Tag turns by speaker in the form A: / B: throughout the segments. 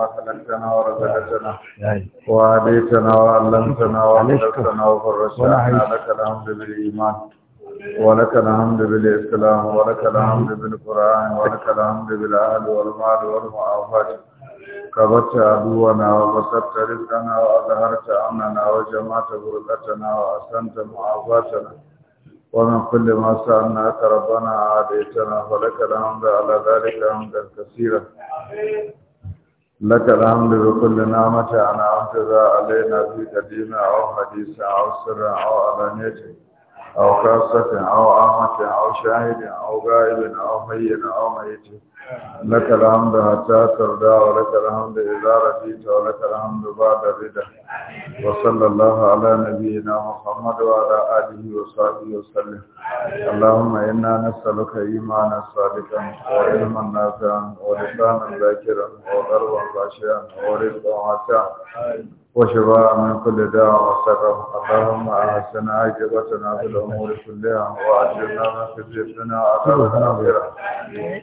A: وخلقتنا ورزقتنا وهديتنا وعلمتنا وعلمتنا وفرشتنا لك الحمد بالإيمان ولك الحمد بالإسلام ولك الحمد بالقرآن ولك الحمد بالأهل والمال والمعافاة
B: كبرت عدونا وبسطت
A: رزقنا وأظهرت أمننا وجمعت بركتنا وأحسنت معافاتنا
B: ومن كل ما سألناك
A: ربنا عاديتنا فلك الحمد على ذلك حمدا كثيرا لك الحمد بكل نعمة أنعمت بها علينا في قديمة أو حديثة أو سرة أو علانية أو خاصة أو أمة أو شاهد أو غائب أو ميت أو ميت
B: لك الحمد حتى ترضى
A: ولك الحمد إذا رضيت ولك الحمد بعد الرضا وصلى الله على نبينا محمد وعلى آله وصحبه وسلم اللهم إنا نسألك إيمانا صادقا وعلما نافعا ولسانا
B: ذاكرا وقلبا خاشعا ورزقا واسعا وشفاء من كل داء وسره اللهم أحسن عاجبتنا في الأمور
A: كلها وأجرنا
B: من في الجبنا عذاب الآخرة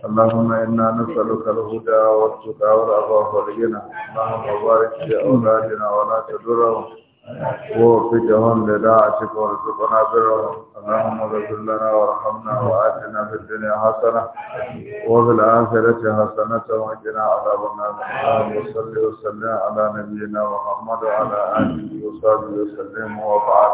B: اللهم إنا نسألك
A: الهدى والتقى والعفاف والغنى اللهم بارك في أولادنا ولا تدرهم ووفقهم لداعتك وارزقنا برهم اللهم اغفر لنا وارحمنا واتنا في الدنيا حسنه وفي الاخره حسنه وقنا عذاب النار وصل وسلم على نبينا محمد وعلى اله وصحبه وسلم وبعد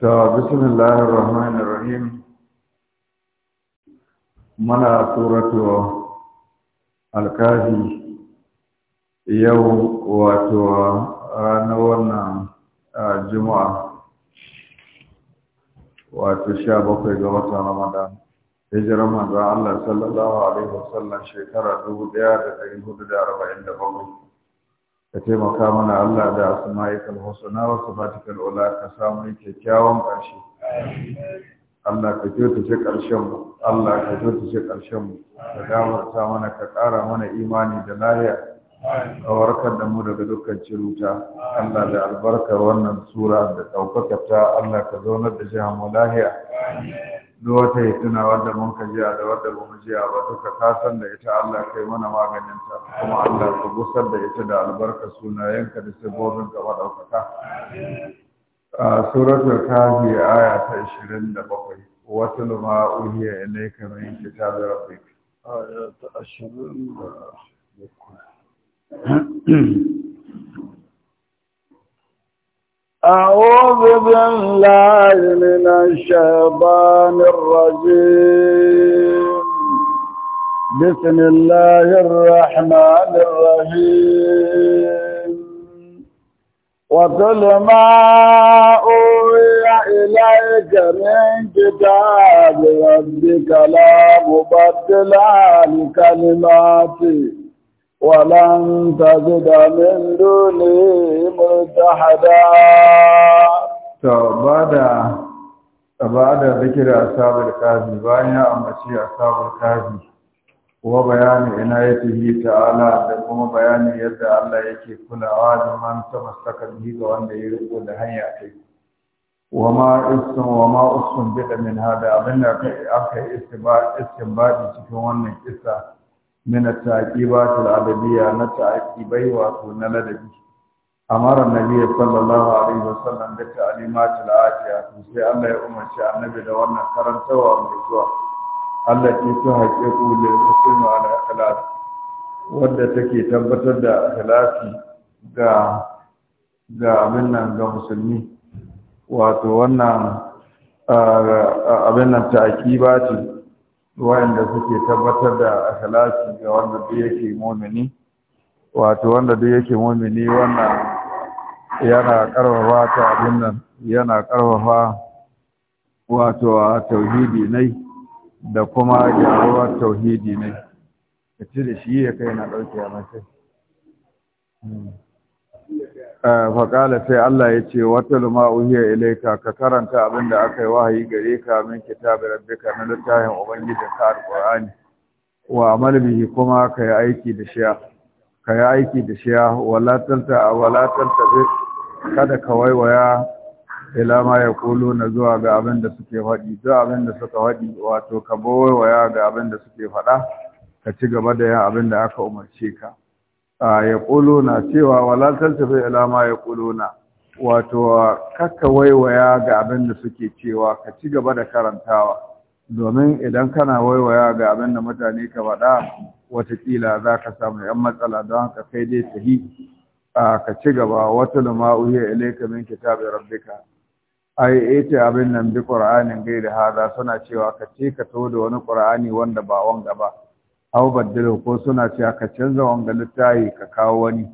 A: ta bismillahir rahmanir rahim mana suratu alkahi yau wato ranar wannan juma'a wato sha bakwai ga watan ramadan hijirar manzan allah sallallahu alaihi wasallam shekara dubu da da dari hudu arba'in bakwai. ka taimaka mana Allah da asma'ikal husna wa sifatikal ula ka samu kyakkyawan ƙarshe Allah ka ce ƙarshen mu Allah ka ce ƙarshen mu ka ta mana ka ƙara mana imani da lafiya ka warkar da mu daga dukkan ciruta Allah da albarkar wannan sura da ɗaukaka ta, Allah ka zaunar da jihar mu lahiya duk wata hituna wadda mun ka jiya da wadda mun jiya ba duka ka san da ita Allah kai mana maganin ta kuma Allah ka gusar da ita da albarka sunayenka da sabobin ka
B: madaukaka
A: a suratul kafi aya ta 27 wata luma uhiya ilayka min da rabbik
B: aya ta 27
C: أعوذ بالله من الشيطان الرجيم بسم الله الرحمن الرحيم وكل ما أوحي إليك من كتاب ربك لا مبدل لكلماته ولن تجد من دوني ملتحدا
A: بعد بعد ذكر أصحاب الكافي بايا أمشي أصحاب الكافي
B: وبيان عنايته تعالى لكم بيان يد
A: الله يكي كل عاد من تمسك به وأن يرقو يأتي وما اسم وما اسم بدا من هذا أبنى أكي استنباطي cikin wannan kisa min at-taqibat al-adabiyya na taqibai wato na ladabi amara nabi sallallahu alaihi wasallam da ta'limat al-atiya sai Allah ya umarci annabi da wannan karantawa mai zuwa Allah ke ta haƙiƙu lil muslimi ala ikhlas wanda take tabbatar da ikhlasi ga ga abin nan ga musulmi wato wannan abin nan ta'qiba wa'anda suke tabbatar da akhlaki ga wanda duk yake mumini wato wanda duk yake mumini wannan yana karfafa ta abin nan yana karfafa wato a tauhidi ne da kuma gyaruwa tauhidi ne ka cire shi ya kai na ɗauke a mace Eh, faƙala sai Allah ya ce wata luma uhiya ilaika ka karanta abin da aka yi wahayi gare ka min Rabbi rabbika na littafin ubangiji ka alqur'ani wa amal bihi kuma ka yi aiki da shiya ka yi aiki da shiya wala tanta wala tanta kada ka waiwaya ila ma na zuwa ga abin da suke faɗi da abin da suka faɗi wato ka waiwaya ga abin da suke faɗa ka ci gaba da yin abin da aka umarce ka A ya na cewa wala taltafi ila ma ya na. wato kakka waiwaya ga abin da suke cewa ka ci gaba da karantawa domin idan kana waiwaya ga abin da mutane ka faɗa watakila za ka samu yan matsala don haka kai dai sahi ka ci gaba wata lama uhiya ilayka min kitabi rabbika ai ita abin nan bi qur'anin gaida hada suna cewa ka ce ka to da wani qur'ani wanda ba wanga ba au ko suna ce aka canza wanga littayi ka kawo wani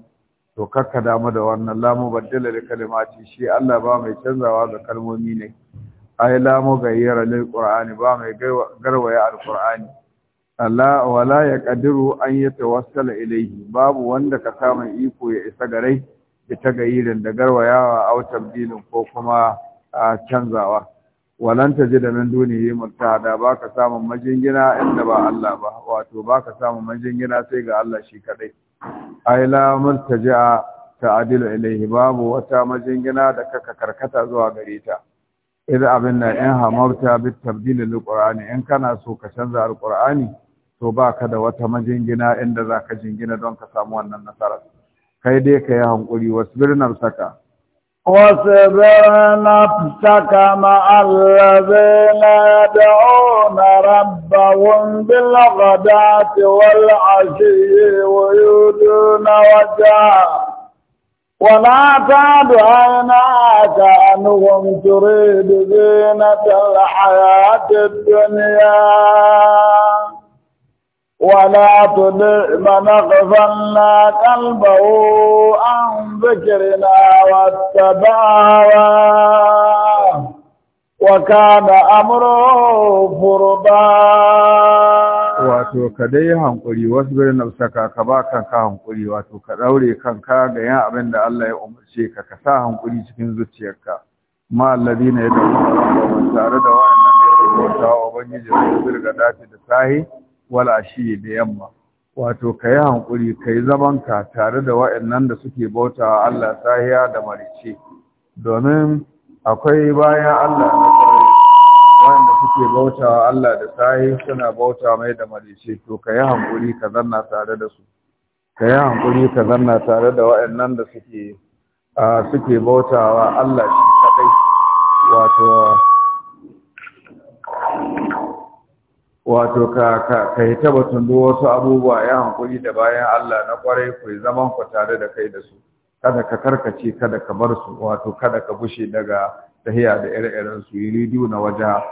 A: to kakka damu da wannan lamu baddala da kalimaci shi Allah ba mai canzawa ga kalmomi ne ai lamu gayyara lil qur'ani ba mai garwaya al qur'ani Allah wala ya kadiru an yatawassala ilayhi babu wanda ka samu iko ya isa garai da tagayirin da garwayawa au tabdilin ko kuma canzawa walan ta ji da min dunihi multada ba ka samun majingina inda ba Allah ba wato baka ka samun majingina sai ga Allah shi kadai ai la ta ta'dilu ilayhi babu wata majingina da kaka karkata zuwa gare ta idan abin nan in hamarta bit tabdil alqur'ani in kana so ka canza alqur'ani to baka da wata majingina inda zaka jingina don ka samu wannan nasara kai dai ka yi hankuri wasbir saka. واصبر نفسك مع
C: الذين يدعون ربهم بالغداة والعشي ويريدون وجهه ولا تعد عيناك عنهم تريد زينة الحياة الدنيا ولا تدع من اغفلنا قلبه عن ذكرنا واتبع وكان امره فرضا
A: wato ka dai hankuri wasbir saka ka ba kanka hankuri wato ka daure kanka ga yan abin da Allah ya umarce ka ka sa hankuri cikin zuciyarka ma alladina ya rabbahum tare da wa'annan da ke bautawa ubangiji su birga dace da sahi Walashi da yamma wato ka yi hankuri yi zaman ka tare da waɗannan da suke bauta Allah sahiya da marice domin akwai bayan Allah na wa’in da suke bauta Allah da sahi suna bauta mai da marice to ka yi hankuri ka zanna tare da su ka yi hankuri ka zanna tare da nan da suke bauta bautawa Allah shi kadai wato wato ka ka kai ta batun duk wasu abubuwa ya hankuri da bayan Allah na kwarai ku zaman ku tare da kai da su kada ka karkace kada ka bar su wato kada ka bushe daga tahiya da ire-iren su yuridu na waja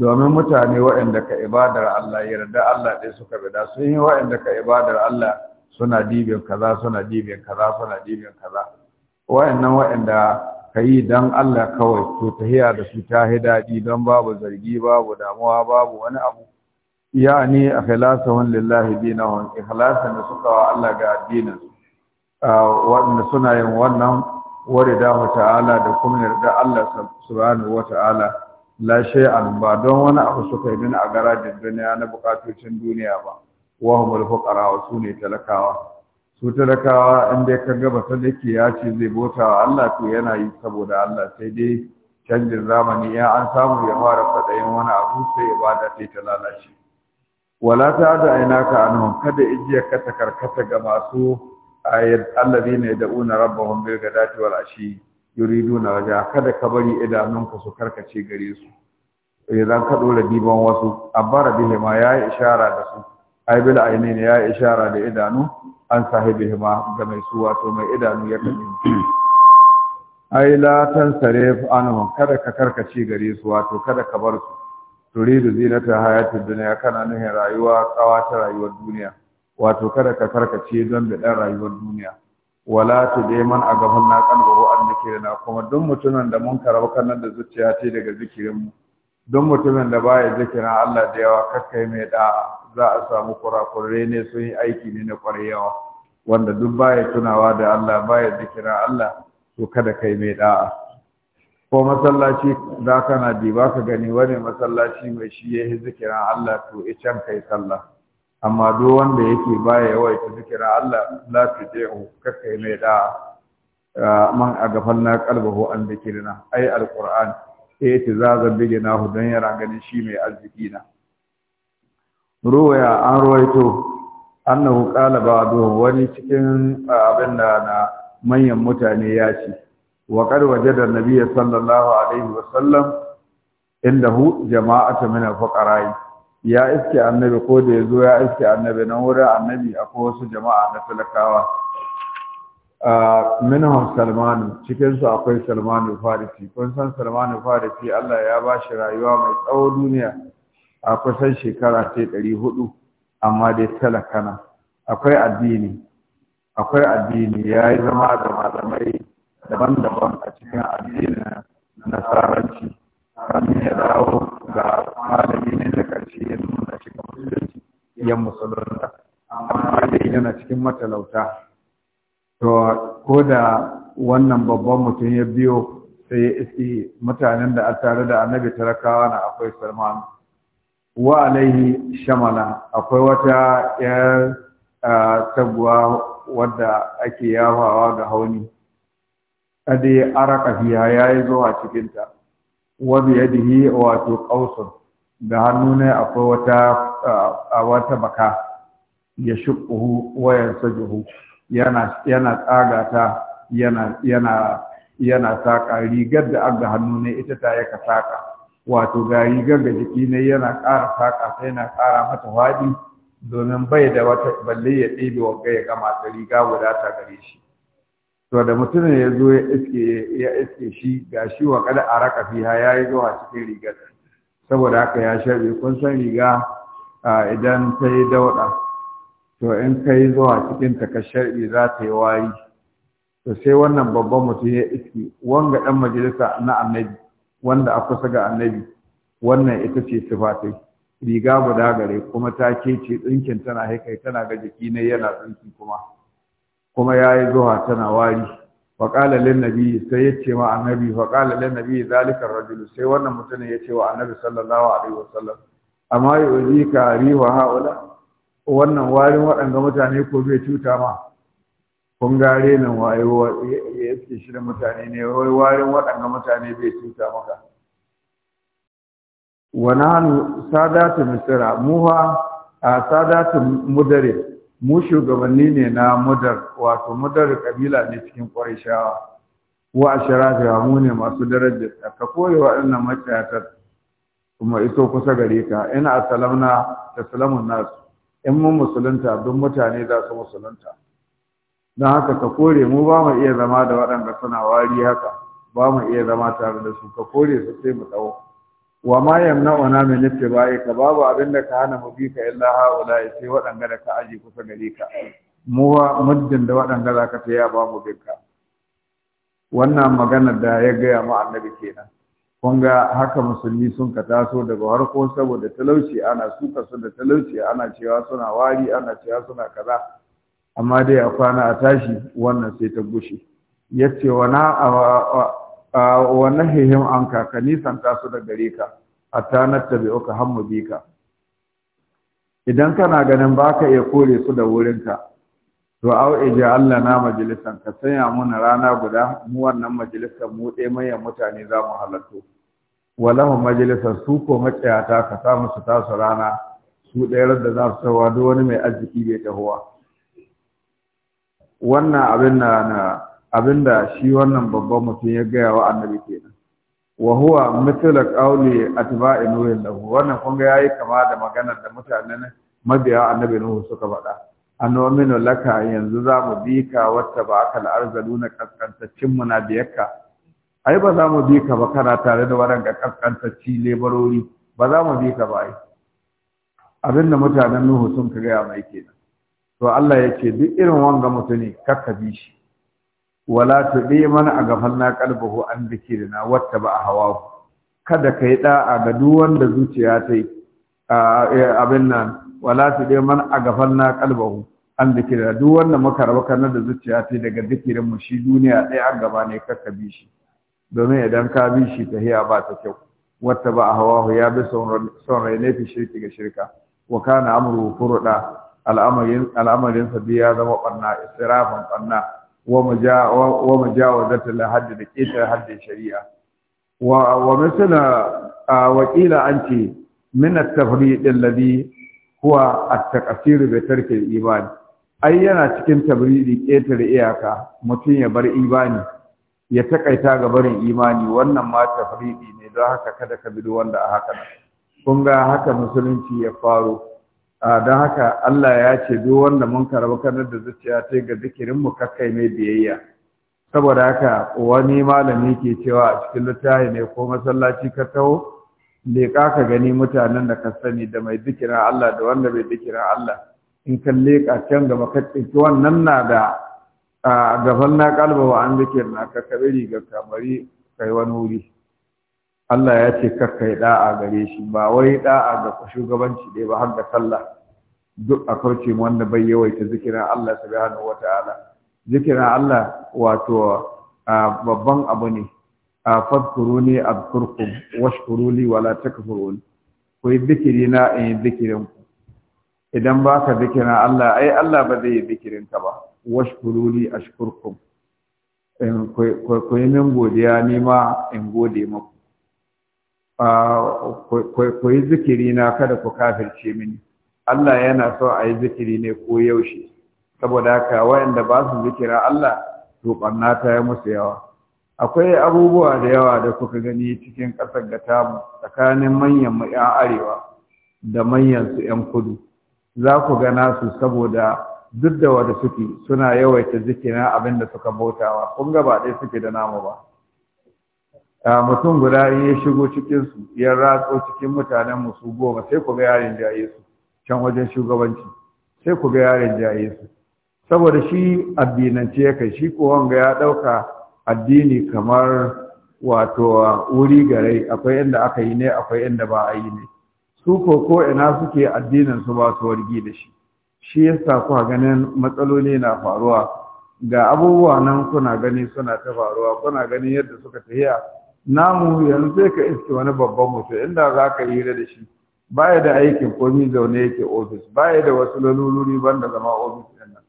A: domin mutane waɗanda ka ibadar Allah yarda Allah ɗaya suka bada sun yi waɗanda ka ibadar Allah suna dibin kaza suna dibin kaza suna dibin kaza waɗannan waɗanda ka yi don Allah kawai to tahiya da su ta daɗi don babu zargi babu damuwa babu wani abu yani ikhlasuhum lillahi dinahum ikhlasan da suka wa Allah ga addinin wanda suna yin wannan waridahu ta'ala da kuma yarda Allah subhanahu wa ta'ala la shay'an ba don wani abu suka yi a garajin duniya na bukatocin duniya ba wa humul fuqara su ne talakawa su talakawa in dai ka gaba sai dake ya ce zai bota wa Allah to yana yi saboda Allah sai dai canjin zamani ya an samu ya fara fadayin wani abu sai ibada sai ta lalace wala ta da ka anhum kada ijiya ka ta karkata ga masu ayat allazina yad'una rabbahum bil ghadati wal ashi yuriduna waja kada ka bari idanunka su karkace gare su idan ka dora diban wasu abara bihi ma yayi ishara da su ai bil ne ya ishara da idanu an sahibi ma ga mai su wato mai idanu ya kace ai la tansarif anhum kada ka karkace gare su wato kada ka bar su turidu zinata hayatid dunya kana nuhin rayuwa kawa ta rayuwar duniya wato kada ka karkace don da ɗan rayuwar duniya wala deman a gaban na kalbaru an na kuma duk mutumin da mun karaba kannan da zuciya ce daga zikirin mu duk mutumin da baya zikirin Allah da yawa kakkai mai da za a samu kurakurai ne sun yi aiki ne na kwarai yawa, wanda duk baya tunawa da Allah baya zikirin Allah to kada kai mai da'a ko masallaci za kana bi ba ka gani wani masallaci mai shi ya yi zikirin Allah to can ka yi sallah amma duk wanda yake baya yawaita zikirin Allah la tudi'u yi mai da man a kalba ko an dhikrina ay alquran eh tizaza na hu dan yara ganin shi mai arziki na ruwaya an ruwaito annahu qala ba'du wani cikin abin na manyan mutane ya ce wa waje da an-nabiy sallallahu alaihi wa sallam indahu jama'atu min al-fuqara ya iske annabi ko da yazo ya iske annabi na wurin annabi akwai wasu jama'a na talakawa minhum salmanu cikin akwai salmanu farisi kun san salmanu farisi Allah ya bashi rayuwa mai tsawo duniya a kusan shekara sai ɗari hudu amma dai talakana addini akwai addini ya yi zama da malamai daban-daban a cikin addinin nasaranci kamin ya dawo ga malami ne da ƙarshe ya nuna cikin musulunci yan musulunta amma dai yana cikin matalauta to ko da wannan babban mutum ya biyo sai ya iske mutanen da a tare da annabi tarakawa na akwai salman wa alaihi shamala akwai wata yar ah, taguwa wadda ake yawawa ga hauni ya araka ya yayi zuwa cikin ta wa bi wato qausun da hannu ne akwai wata wata baka ya shuqhu wa yansajuhu yana yana tsaga ta yana yana yana saka rigar da aga hannu ne ita ta yaka saka wato ga rigar da jiki ne yana ƙara saka sai yana ƙara mata wadi domin bai da wata balle ya ɗebe wa ya gama ta riga guda ta gare shi to da mutumin ya zo ya iske ya iske shi ga shi wa kada a raka fiha ya yi zuwa cikin rigar saboda haka ya shabe kun san riga idan ta yi dauɗa to in ka yi zuwa cikin ta ka sharbe za ta yi wari to sai wannan babban mutum ya iske wanga dan majalisa na annabi wanda a kusa ga annabi wannan ita ce sifatai riga guda gare kuma ta kece ɗinkin tana haikai tana ga jiki ne yana tsinki kuma kuma ya yi zuwa tana wari wa qala lin nabi sai yace wa annabi wa qala lin nabi zalika ar sai wannan mutumin ce wa annabi sallallahu alaihi wasallam amma yuzika riwa haula wannan warin waɗanda mutane ko zai cuta ma kun gare nan wayo ya ce shi da mutane ne wai warin waɗanda mutane bai cuta maka wa nahnu sadatu misra muha a sadatu mu shugabanni ne na mudar wato mudar kabila ne cikin ƙwarishawa wa ashirafiya mu ne masu darajar ka koyi waɗannan maciyatar kuma iso kusa gare ka in asalamna ta salamun nasu in mun musulunta duk mutane za su musulunta don haka ka kore mu ba mu iya zama da waɗanda suna wari haka ba mu iya zama tare da su ka kore su sai mu tsawo wa ma yamna'una min ittiba'i ka babu abin da ka hana mu bi ka illa haula sai wadanga da ka aji kusa gare ka mu muddin da wadanga za ka taya ba mu ka. wannan maganar da ya gaya mu annabi kenan kun ga haka musulmi sun ka taso daga harko saboda talauci ana suka su da talauci ana cewa suna wari ana cewa suna kaza amma dai a kwana a tashi wannan sai ta gushe yace wa na wa hihim anka ka nisan ta su da gare ka hatta nattabi'uka hammu bika idan kana ganin baka iya kore su da wurin ka. to au ija Allah na majalisan ka sanya muna rana guda mu wannan majalisan mu dai mayan mutane za mu halatto walahu majalisan su ko maciyata ka sa musu tasa rana su ɗaya da za su tawa duk wani mai arziki bai tahowa wannan abin na na abinda shi wannan babban mutum ya gaya wa annabi kenan wa huwa mithla qawli atba'i nuhin lahu wannan kun ga yayi kama da maganar da mutanen mabiya annabi nuhu suka faɗa anominu laka yanzu za mu bi ka wata ba aka la'arzalu na kaskantaccin muna biyarka ai ba za mu bi ka ba kana tare da waɗanda kaskantacci lebarori ba za mu bi ka ba ai abinda mutanen nuhu sun ka gaya mai kenan to Allah ya ce duk irin wanga mutune kakka bi shi wala a man aghfalna qalbuhu an dhikrina wattaba hawa kada kai ɗa'a ga duk wanda zuciya ta yi abin nan wala a man aghfalna qalbuhu an dhikrina duk wanda muka raba kana da zuciya ta yi daga dukirin mu shi duniya ɗaya an gaba ne ka bi shi domin idan ka bi shi hiya ba ta kyau wata ba hawa ya bi son rai ne fi shirki ga shirka wa kana amru furuda al'amarin al'amarin ya zama ɓanna israfan ɓanna wa majawazata la haddi da ƙetar haddin shari'a wa a wakila an ce min at-tafriq alladhi huwa at-taqsir bi tarki al-iman ai yana cikin tabridi ƙetare iyaka mutum ya bar imani ya taƙaita ga barin imani wannan ma tafriɗi ne don haka kada ka bi wanda a haka kun ga haka musulunci ya faro A don haka Allah ya ce duk wanda mun karɓi da zuciya ta ga zikirin mu kakkai mai biyayya saboda haka wani malami ke cewa a cikin littafi ne ko masallaci ka taho leƙa ka gani mutanen da ka sani da mai zikirin Allah da wanda bai zikirin Allah in ka leƙa can gaba ka tsinki wannan na da gaban na kalba wa an zikir na ka kabiri ga kamari kai wani wuri Allah ya ce kakka yi da'a gare shi ba wai da'a ga shugabanci dai ba har da sallah duk a kauce wanda bai yawaita zikirin Allah subhanahu wata'ala zikirin Allah wato babban abu ne a fadkuruni adkurkum washkuruli wala takfuruni ku yi zikiri na in yi zikirin ku idan ba ka zikirin Allah ai Allah ba zai yi zikirin ka ba a shukurku ku yi min godiya ni ma in gode maku ku yi zikiri na kada ku kafirce mini Allah yana so a yi zikiri ne ko yaushe saboda haka wayanda ba su zikira Allah to barna ta yi musu yawa akwai abubuwa da yawa da kuka gani cikin ƙasar da tsakanin manyan mu 'yan arewa da manyan su 'yan kudu za ku gana su saboda duk da wanda suke suna yawaita zikirin abinda suka bautawa kun ga ba ɗaya suke da namu ba A mutum guda in ya shigo cikinsu ya ratso cikin mutanenmu su goma sai ku ga yaren jaye su can wajen shugabanci sai ku ga yaren jaye su saboda shi addinance ya kai shi ko wanga ya ɗauka addini kamar wato wuri gare akwai inda aka yi ne akwai inda ba a yi ne su ko ko ina suke addinin su ba su wargi da shi shi yasa ku ganin matsaloli na faruwa ga abubuwa nan kuna gani suna ta faruwa kuna ganin yadda suka tafiya namu yanzu sai ka iske wani babban mutum inda za ka hira da shi ya da aikin komi zaune yake ofis ya da wasu lalurori banda zama ofis ɗin nan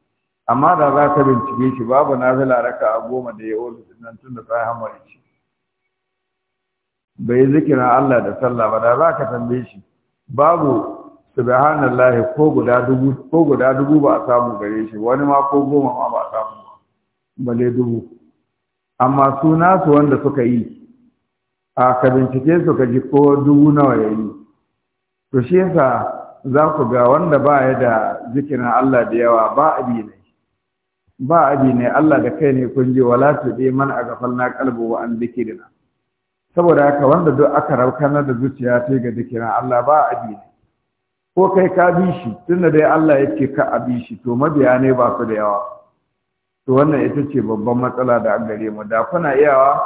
A: amma da za ka bincike shi babu nazila raka a goma da ya ofis nan tun da sai hamari shi bai zikira Allah da sallah ba da za ka tambaye shi babu subhanallah ko guda dubu ko guda dubu ba a samu gare shi wani ma ko goma ma ba a samu ba balle dubu amma su nasu wanda suka yi a ka bincike su ka ji ko dubu nawa ya yi to shi yasa za ku ga wanda ba ya da zikirin Allah da yawa ba abi ne ba abi ne Allah da kai ne kun ji wala tu bi man aghfalna qalbu wa an zikrina saboda haka wanda duk aka raukana da zuciya ta ga zikirin Allah ba abi ne ko kai ka bi shi tunda dai Allah yake ka abi shi to mabiya ne ba su da yawa to wannan ita ce babban matsala da gare mu da kuna iyawa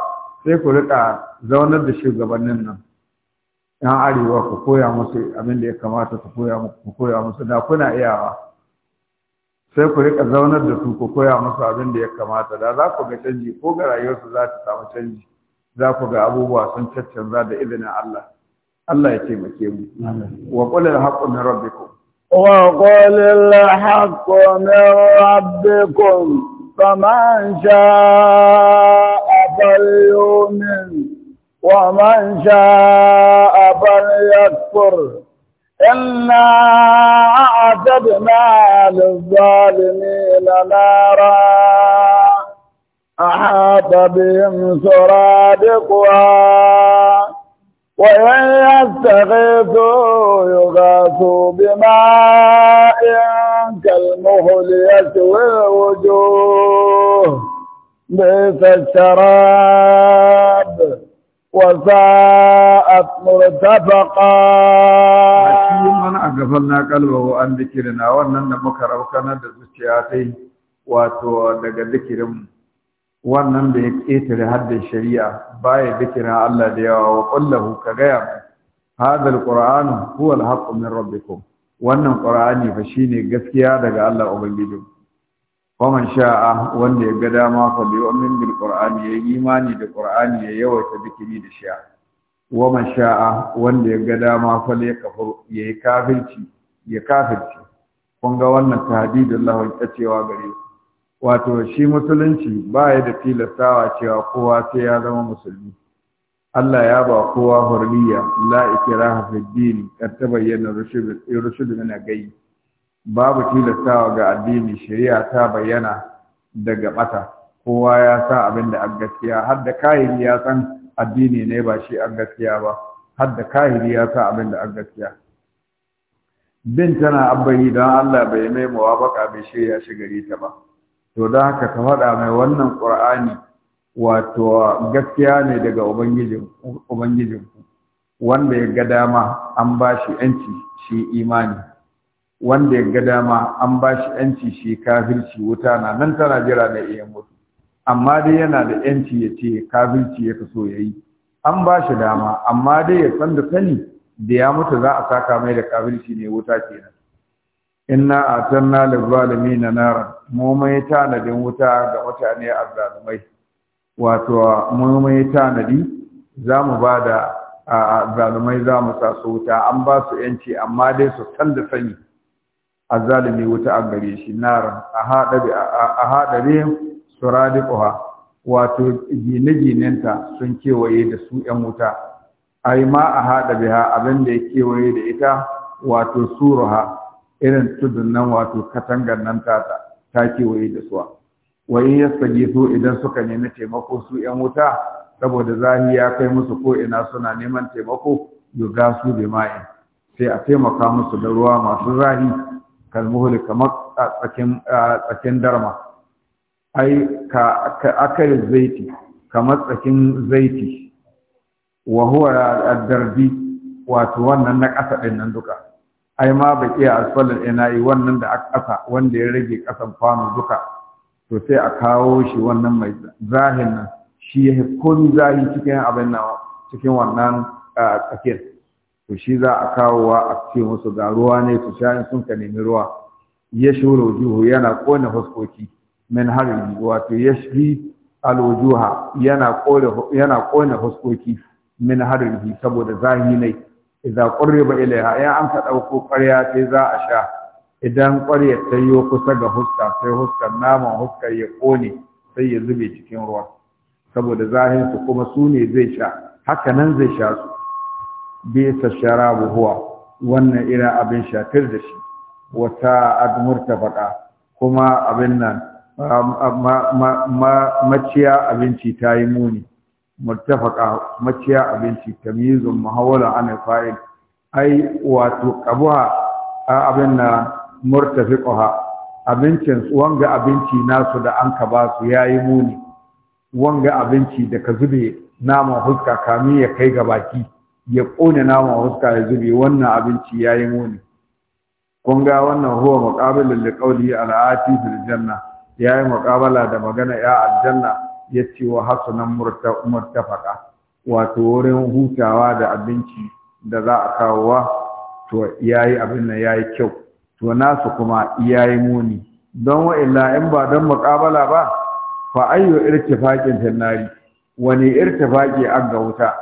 A: sai ku rika zaunar da shugabannin nan yan arewa ku koya musu abin da ya kamata ku koya musu ku koya musu da kuna iyawa sai ku rika zaunar da su ku koya musu abin da ya kamata da za ku ga canji ko ga rayuwarsu za ta samu canji za ku ga abubuwa sun caccanza da izinin Allah Allah ya taimake mu wa qul al-haqqu min rabbikum
C: al الحق min rabbikum فمن شاء فليؤمن ومن شاء فليكفر إنا أعتدنا للظالمين نارا أحاط بهم سرادقها وإن يستغيثوا يغاثوا بماء كالمهل يسوي الوجوه بفالسراب وساءت مرتفقا
A: ما قلبه عن ذكرنا وأننا مكربكنا بسياتي واتوا لك ذكرهم وأننا بإكئت لهذه الشريعة باي ذكرها الله ديوا وقل له كغير هذا القرآن هو الحق من ربكم وأن القرآن يفشيني قسكي هذا قال الله أبنجيكم faman sha'a wanda ya ga dama fa bi umin bil qur'ani ya imani da qur'ani ya yawaita zikiri da sha'a. Waman sha'a wanda ya ga dama fa ya kafir ya kafirci ya kafirci kun ga wannan tahdidin Allah ya cewa gare ku wato shi musulunci ba ya da tilastawa cewa kowa sai ya zama musulmi Allah ya ba kowa hurriya la ikraha fid din kad tabayyana rushd rushd min gayyi babu tilastawa ga addini shari'a ta bayyana daga bata kowa ya sa abin da an gaskiya har da kahiri ya san addini ne ba shi an gaskiya ba har da kahiri ya sa abin da gaskiya bin tana abbayi don Allah bai mai muwafaka bai shirya shi gari ta ba to don haka ka faɗa mai wannan ƙur'ani wato gaskiya ne daga ubangijinku wanda ya ga dama an ba shi ‘yanci shi imani wanda ya ga dama an ba shi yanci shi kafirci wuta na nan tana jira da iya mutu amma dai yana da yanci ya ce kafirci ya kaso ya yi an ba shi dama amma dai ya san da sani da ya mutu za a saka mai da kafirci ne wuta kenan inna atanna na nara mu mai tanadin wuta ga mutane azzalumai wato mu mai tanadi za mu ba da zalumai za mu sa su wuta an ba su yanci amma dai su san da sani azalimi wuta a gare shi nara a a wato gine-ginenta sun kewaye da su ‘yan wuta, ai ma a haɗa ha abin ya kewaye da ita wato suruha irin tudun nan wato katangar nan tata ta kewaye da suwa. Wai ya sage su idan suka nemi taimako su ‘yan wuta, saboda zahi ya kai musu ko ina suna neman taimako, yuga su jima'i. sai a taimaka musu da ruwa masu zahi kalmuhul kamar tsakin darma ai ka akal zaiti kamar tsakin zaiti wa huwa ad-darbi wato wannan na ƙasa din nan duka ai ma ba iya asfalin yi wannan da aka ƙasa wanda ya rage ƙasan kwano duka to sai a kawo shi wannan mai zahin shi ya kun zahi cikin abin nan cikin wannan tsakin. to shi za a kawo wa a ce musu ga ruwa ne su sha in sun ka nemi ruwa ya shuru juhu yana kone huskoki min harin wato ya shi alwujuha yana kone yana huskoki min harin saboda zahi ne idza qurriba ilaiha ya an ka dauko ƙarya sai za a sha idan ƙwaryar ta yi kusa ga huska sai huskar naman huskar ya kone sai ya zube cikin ruwa saboda zahinsu kuma su ne zai sha haka nan zai sha su bisa sharabu huwa wannan irin abin shatir da shi wata admurta baka kuma abin nan maciya abinci ta yi muni murtafaka maciya abinci tamyizun mahawala an fa'il ai wato kabuha abin na murtafiqaha abincin wanga abinci nasu da an ka ba su yayi muni wanga abinci da ka zube naman huska kami ya kai ga baki ya ƙone nama huska ya zube wannan abinci ya yi muni kun ga wannan huwa muqabilun li a al'ati fil janna ya yi muqabala da magana ya aljanna ya ce wa hasunan murtafaka wato wurin hutawa da abinci da za a kawowa to ya yi abin nan ya yi kyau to nasu kuma ya yi muni don illa in ba don muƙabala ba fa ayyo irtifaƙin finnari wani irtifaƙi an ga wuta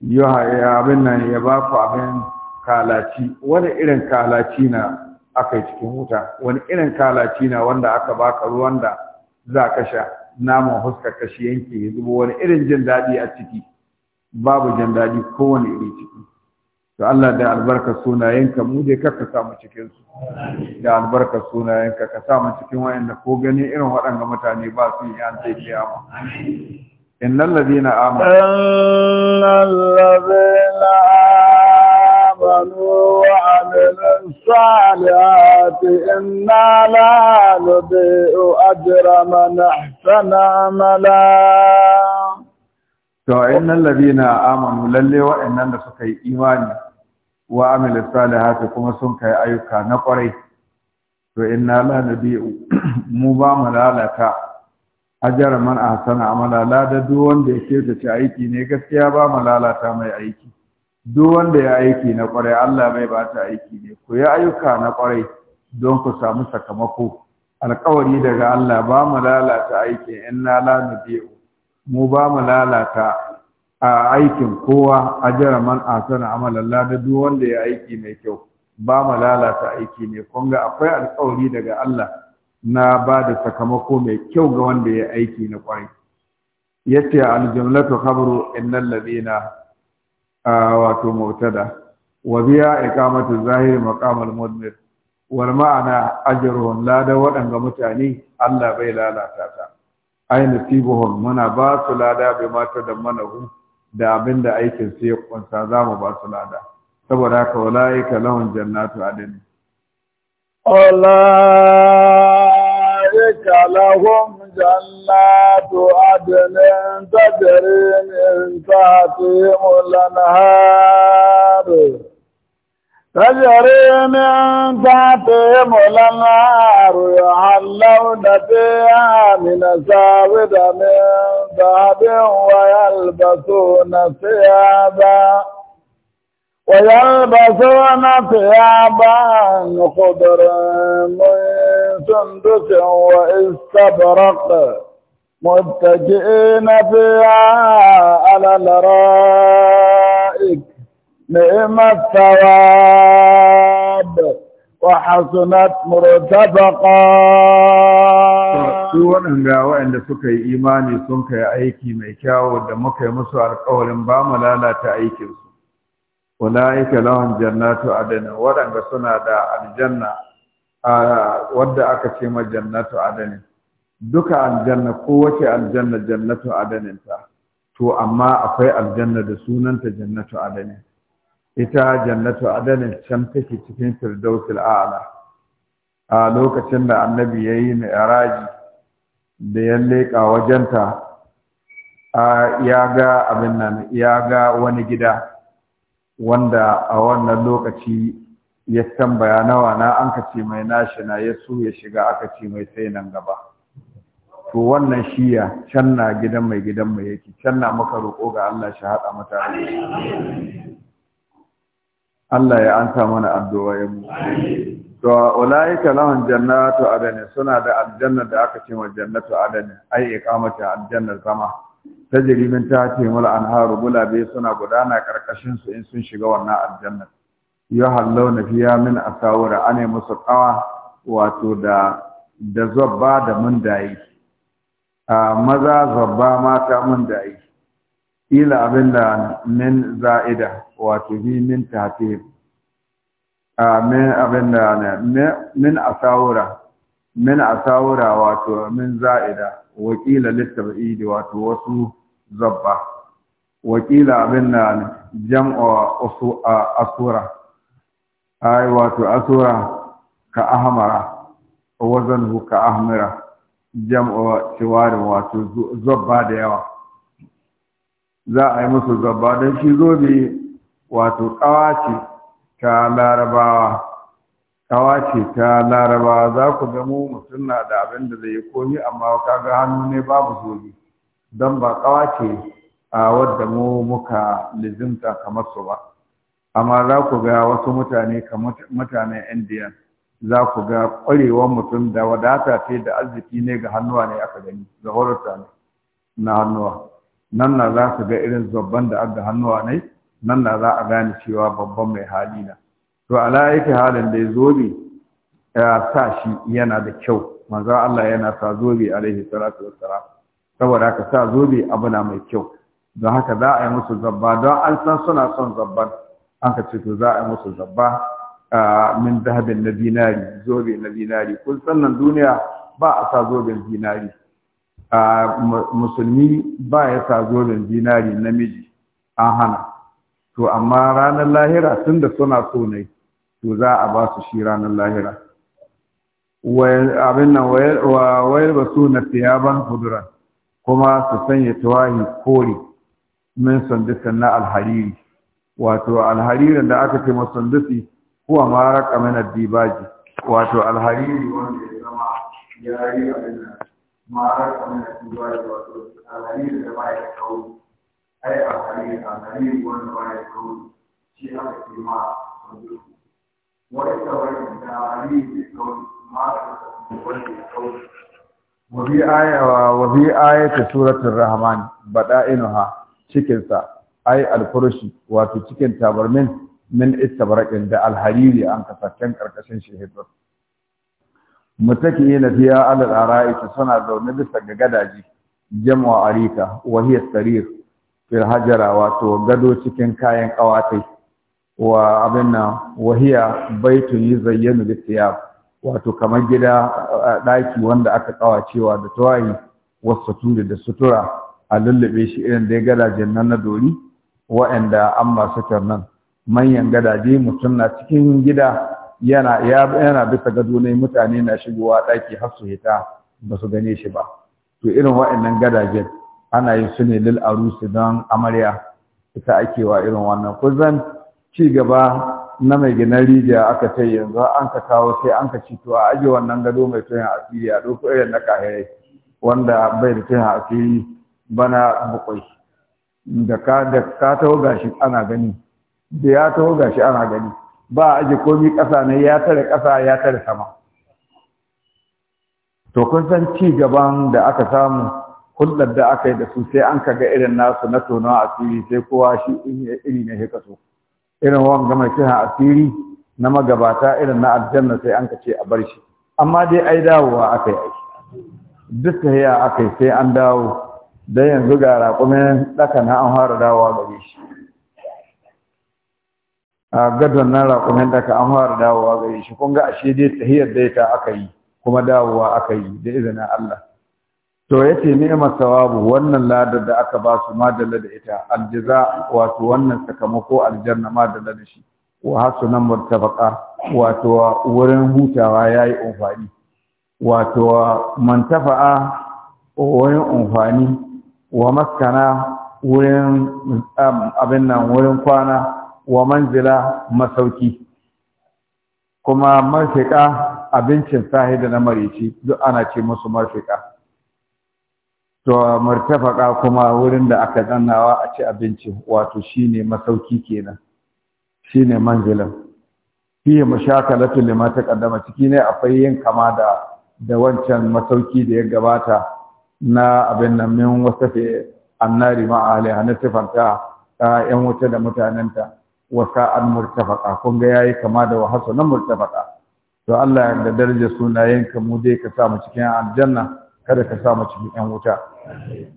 A: ya abin nan ya ba ku abin kalaci wani irin kalaci na aka yi cikin wuta wani irin kalaci na wanda aka baka ruwan da za ka sha naman huskar kashi yanke ya zubo wani irin jin daɗi a ciki babu jin daɗi kowane iri ciki to Allah da albarka sunayenka mu dai kakka samu cikin su da albarka sunayenka ka samu cikin wayanda ko ganin irin waɗanda mutane ba su yi an sai kiyama innal ladina amanu innal ladina
C: amanu wa amilus
A: da suka yi imani wa amilus salihati kuma sun kai ayyuka na kwarai to mu ba mu lalata ajara man ahsana amala lada duk wanda ya ci aiki ne gaskiya ba mu lalata mai aiki duk wanda ya aiki na kwarai Allah mai ba ta aiki ne ku yi ayyuka na kwarai don ku samu sakamako alkawari daga Allah ba mu lalata aikin in na biyu mu ba mu lalata a aikin kowa ajara man ahsana amala lada duk wanda ya aiki mai kyau ba mu lalata aiki ne kun akwai alkawari daga Allah na ba da sakamako mai kyau ga wanda ya aiki na kwarai yace aljumlatu khabru innal ladina wato mu'tada wa biya iqamatu zahiri maqamal mudmir wal ma'ana ajiyar la da wadanga mutane Allah bai lalata ta ay nasibuhum muna ba su lada bai mata da manahu da abinda aikin su ya kunsa zamu ba su lada saboda haka walaika lahum jannatu adn أولئك
C: لهم جنات عدن تجري من تحتهم الأنهار تجري من تحتهم الأنهار يعلون فيها من ساود من ذهب ويلبسون ثيابا ويلبسون ثيابا خضرا من سندس واستبرق متكئين فيها على الارائك نعم الثواب وحسنت مرتفقا
A: su waɗanda waɗanda suka yi imani sun kai aiki mai kyawo da muka yi musu alƙawarin ba lalata aikinsu ulaika lahum jannatu adn wadanda suna da aljanna wadda aka ce ma jannatu adn duka aljanna Ko wace aljanna jannatu adn ta to amma akwai aljanna da sunanta jannatu adn ita jannatu adanin can take cikin firdausul a'la a lokacin da annabi yayi mi'raji da ya leƙa wajenta ya ga abin nan ya ga wani gida wanda a wannan lokaci ya tambaya nawa na an ka ce mai nashi na ya so ya shiga aka ce mai sai nan gaba to wannan shiya can na gidan mai gidan mai yake can na maka roƙo ga Allah shi haɗa mata Allah ya anta mana addu'a ya mu to ulaika lahum jannatu adani suna da aljanna da aka ce wa jannatu adani ai iqamata aljannar zama tajiri min tahtihim al-anharu gulabe suna gudana karkashin su in sun shiga wannan aljanna na fiya min A ane musu kawa wato da da zabba da mundayi a maza zabba mata mundayi ila abinda min za'ida wato bi min tahtihim a min abinda min asawira min asawira wato min za'ida wakila littab'idi wato wasu zabba wakila abin na jam'a asura ai wato asura ka ahmara wazanhu ka ahmara jam'a cewarin wato zabba da yawa za a yi musu zabba don shi zobe wato kawace ta larabawa kawa ce ta laraba za ku ga mu mutum na da abin da zai komi amma kaga hannu ne babu zobe don ba kawa ce a wadda mu muka lizimta kamar su ba amma za ku ga wasu mutane kamar mutanen indiya za ku ga ƙwarewar mutum da wadata ce da arziki ne ga hannuwa ne aka gani da horarta ne na hannuwa nan na za ku ga irin zabban da aka hannuwa ne nan na za a gane cewa babban mai hali na to ala yake halin da ya zobe ya sa shi yana da kyau manzo Allah yana sa zobe alaihi salatu wassalam saboda haka sa zobe abu na mai kyau don haka za a yi musu zabba don an san suna son zabban an ka ce to za a yi musu zabba min zahabin na zinari zobe na zinari kun sannan duniya ba a sa zoben zinari musulmi ba ya sa zoben zinari namiji an hana to amma ranar lahira tun da suna so ne to za a ba su shi ranar lahira abin nan wayar ba su na tiyaban huduran kuma su sanya tuwahi kori, min sandusan na alhariri wato alhariri da aka ce masandusi kuwa mara kamenar dibaji wato alhariri wanda ya zama
B: ya yi abin nan mara kamenar dibaji wato alhariri da ba ya kawo ai alhariri alhariri wanda ba ya kawo shi aka ce ma sandusi Wabi
A: ayawa wabi ayata suratul rahman bada'inuha cikinsa ai alfurshi wato cikin tabarmin min istabraqin da alhariri an kasakken karkashin shehidun mutakiyina fiya alal ara'iki suna zaune bisa ga gadaji jam'a arika wa hiya sarir fil hajara wato gado cikin kayan kawatai wa abin nan wahiya baitun yuzayyanu bitiyab wato kamar gida daki wanda aka kawacewa da tawayi wasu turi da sutura a lullube shi irin da ya gadajen nan na dori wa'anda an masu nan manyan gadaje mutum na cikin gida yana yana bisa gado ne mutane na shigowa daki har su hita ba su gane shi ba to irin wa'annan gadajen ana yi su ne lil arusi don amarya ita ake wa irin wannan kuzan ci gaba na mai gina rijiya aka ce yanzu an ka kawo sai an ka ci to a aje wannan gado mai tuhin asiri a ɗauko irin na kahirai wanda bai da tuhin asiri bana bakwai da ka da ka taho gashi ana gani da ya taho gashi ana gani ba a aje komi ƙasa ne ya tare ƙasa ya tare sama to kun san ci gaban da aka samu hulɗar da aka yi da su sai an kaga irin nasu na tonon asiri sai kowa shi iri na hekaso. so irin wanga mai kiha asiri na magabata irin na aljanna sai an kace a bar shi amma dai ai dawowa akai ai duk ya akai sai an dawo dan yanzu ga raƙumin daka na an fara dawowa gare shi a gadon na raƙumin daka an fara dawowa gare shi kun ga ashe dai tahiyar daita aka yi kuma dawowa aka yi da izinin Allah to ce ni'mar sawabu wannan ladar da aka ba su madalla da ita aljaza wato wannan sakamako aljanna madalla da shi wa nan murtafaqa wato wurin hutawa ya yi amfani wato mantafa'a wurin amfani wa maskana wurin abin nan wurin kwana wa manzila masauki kuma marfiƙa abincin sahi da na marici duk ana ce musu marfiƙa to murtafaka kuma wurin da aka dannawa a ci abinci wato shine masauki kenan shine manzilan fiye mashakalatu lima taqaddama ciki ne akwai yin kama da da wancan masauki da ya gabata na abin nan min wasafi annari ma ahliha na sifanta yan wuta da mutanenta wasa an murtafaka kun ga yayi kama da wahasu na murtafaka to Allah ya da daraja ka mu dai ka sa mu cikin aljanna kada ka sa mu cikin yan wuta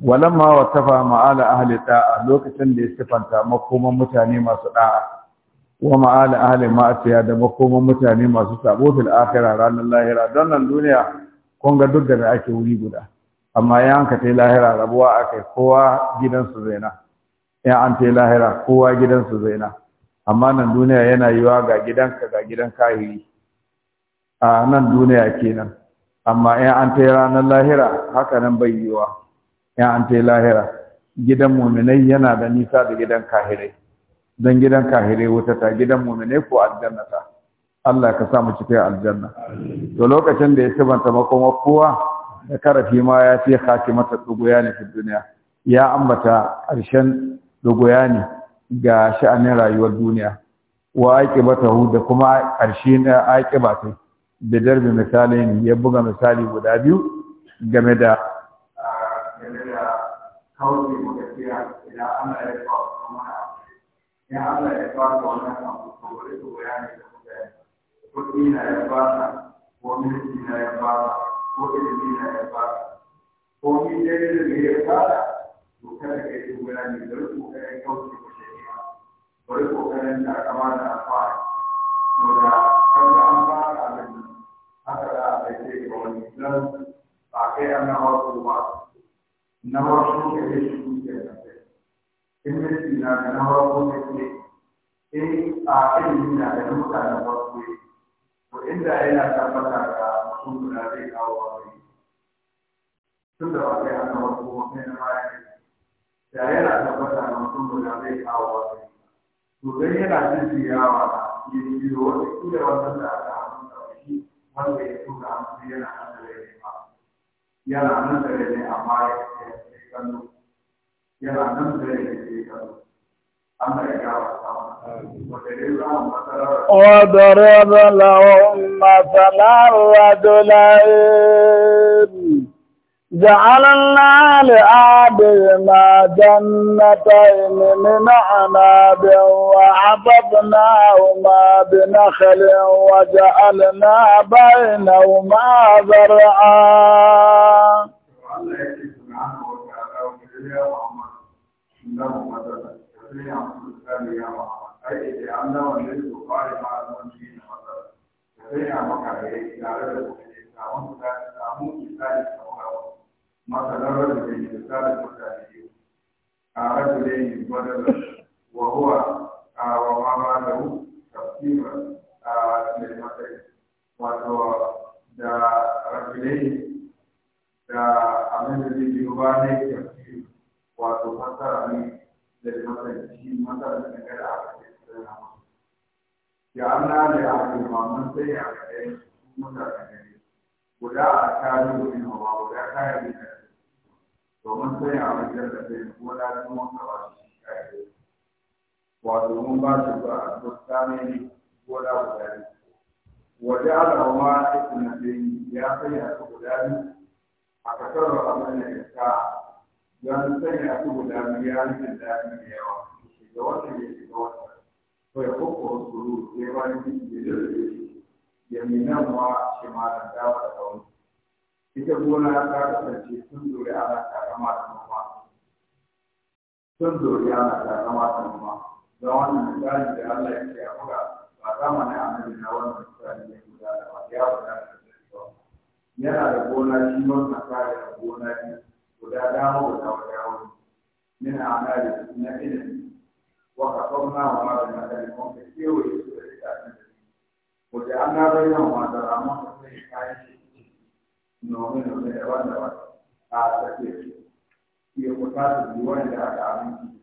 A: walamma tafa ma'ala ahli ta'a lokacin da ya sifanta makoman mutane masu da'a wa ma'ala ahli ma'asiya da makoman mutane masu sabo fil akhirah ranar lahira don nan duniya kun ga duk da ake wuri guda amma ya hanka ta lahira rabuwa akai kowa gidansu zaina ya an ta lahira kowa gidansu zaina amma nan duniya yana yiwa ga gidanka ga gidan kahiri a nan duniya kenan amma in an ta ranar lahira haka nan bai yiwa in an ta lahira gidan muminai yana da nisa da gidan kahirai don gidan kahirai wuta ta gidan muminai ko aljanna ta Allah ka sa mu cikin aljanna to lokacin da ya sibanta makon kowa da karafi ma ya ce mata ne fi duniya ya ambata ƙarshen ne ga sha'anin rayuwar duniya wa bata hu, da kuma ƙarshen aqibatahu da darbi misali ne, ya buga misali guda biyu game da kauce mu gaskiya idan ya ba mu wani
B: ya Allah ya ba mu wani abu
A: to wani to bayani da na ya ba ko na ya ko na ya ko ni dai me ya ba ka to
B: ka yi bayani da ruku ka yi kauce mu shari'a bari kokarin da kama da alfahari to da kanga an ka a wani na wasu ke da shi
A: kuke da kai in mulki na da na
B: wasu ke ke in a
A: ilimi na da mutanen wasu ne to inda yana tabbata da mutum guda zai kawo wani
B: tun da ba sai an kawo ko ne na baya ne yana tabbata da mutum guda zai da da yana nan da rai ne amma ya ce kallo yana nan da rai ne ce kallo وضرب لهم مثلا
C: رجلين جعلنا لآدم جنتين من عناب فحفظناهما بنخل وجعلنا بينهما زرعا
A: مثلا رجل يسال المتابعين رجل يبرر وهو وما بعده تقسيما للمسجد wato da rafilai da abin da zai biyo ba ne tafsir wato fasara ne da masanci masara da aka ce ya amna ya ake mamun sai a kaɗai mutane gari guda a tari wani hawa guda kayan da domin sai a wajen da zai kuma da wato mun ba shi ba a tsotsa ne ko da guda ne waje ala ma na dai ya sanya
B: su guda ne a kasar abin da ya sa don sanya su guda ne ya rike da yawa dawa
A: da wani
B: ita gona ta
A: kasance sun dore ana karama da noma sun dore ana karama da noma don wannan misali da Allah yake a buga ba a annabi na wannan misali ya buga da ba ya buga da yana da gona shi ma ka kare da gona shi guda dama guda guda wani min amali na ilimi wa kafafna wa mara na nakali kun ka kewaye su da itacen da an na bayyana wa da ramon
B: da sai kayan shi
A: nome nome daban daban a ke shi ya kuta su biyu wanda aka aminci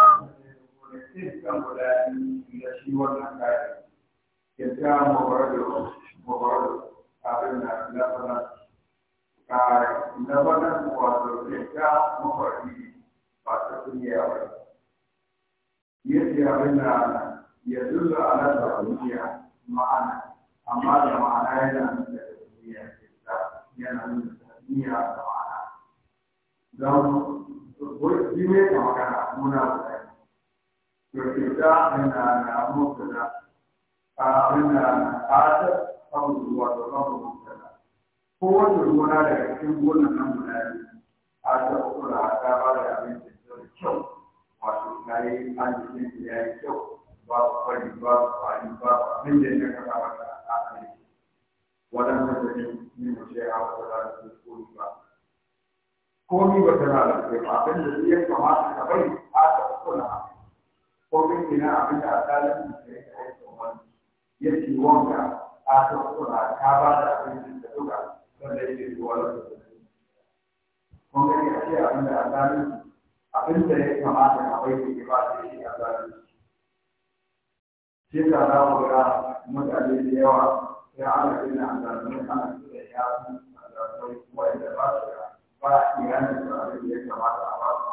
A: shi wannan kayan ya ta mabarar
B: mabarar abin da lafanan a lafanan wato ya ta mabarari ba ta duniya ba
A: ya ce abin da ya dulla a nan lafanan duniya ma'ana
B: amma da ma'ana yana nuna da duniya yana nuna da duniya da ma'ana don wani ne ka magana muna da
A: to fita na na mutuna a abinda na ƙasa kan ruwa da kan mutuna ko wani ruwa da cikin gona na ya yi a ta uku na ta ba da abinci da kyau wato na yi an yi cikin da ya kyau ba su fari ba su fari ba su abin da ya ta a kan yi waɗanda ne ne a wata da su ko ni ba komi ba ta na da ke ba abin da su yi kamata ka a ta uku ko bin gina abin da alƙalin da ya kai da wani wanga a tattara ta ba da abin da duka wanda yake zuwa da su kun gani a ce abin da alƙalin abin da ya kamata a bai da ba da shi alƙalin shi ka za mu ga mutane da yawa
B: sai ana gina alƙalin ana gina ya su alƙalin wanda ba su ba a iya da abin da ya kamata a ba su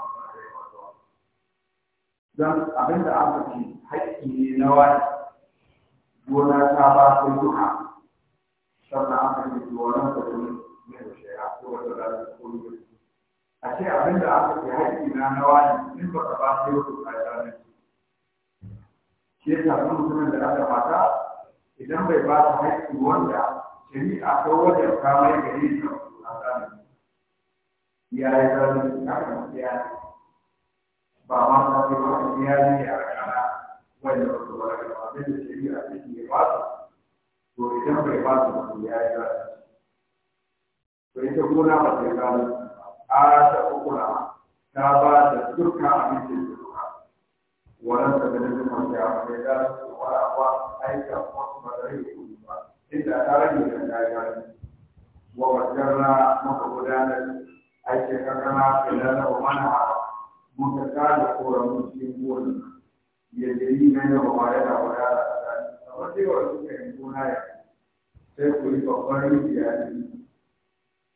B: don
A: abin da aka ce haƙƙi ne na wani gona ta ba su duha sannan aka ce gonar da wani mai shari'a ko da da su ko da a ce abin da aka ce haƙƙi na na wani in ba ka ba su yau ka ta ne shi yasa duk mutumin da aka mata idan bai ba ta haƙƙi wanda shari'a ko wajen kamar gari ta ta ne ya yi zalunci a kan siyasa ba ma ta ce ba a biya ne a kana wanda ba su wani ba da shari'a
B: ta ke ba su to
A: idan bai ba su ba ya yi ba to ita gona ba ta yi gano ƙara ta na. ta ba da dukkan abinci da suka wannan da ganin da kwanci a mai da su wara ba
B: aika wasu ba da rage kuɗi ba
A: inda ta rage da ta yi gano wa wajen na maka gudanar aikin kankana da lalata mana muka kada koramu cikin gona ya jiri na yawa ba yana wadata a wata yawa suka yi gona ya
B: sai ku yi babban rijiya ne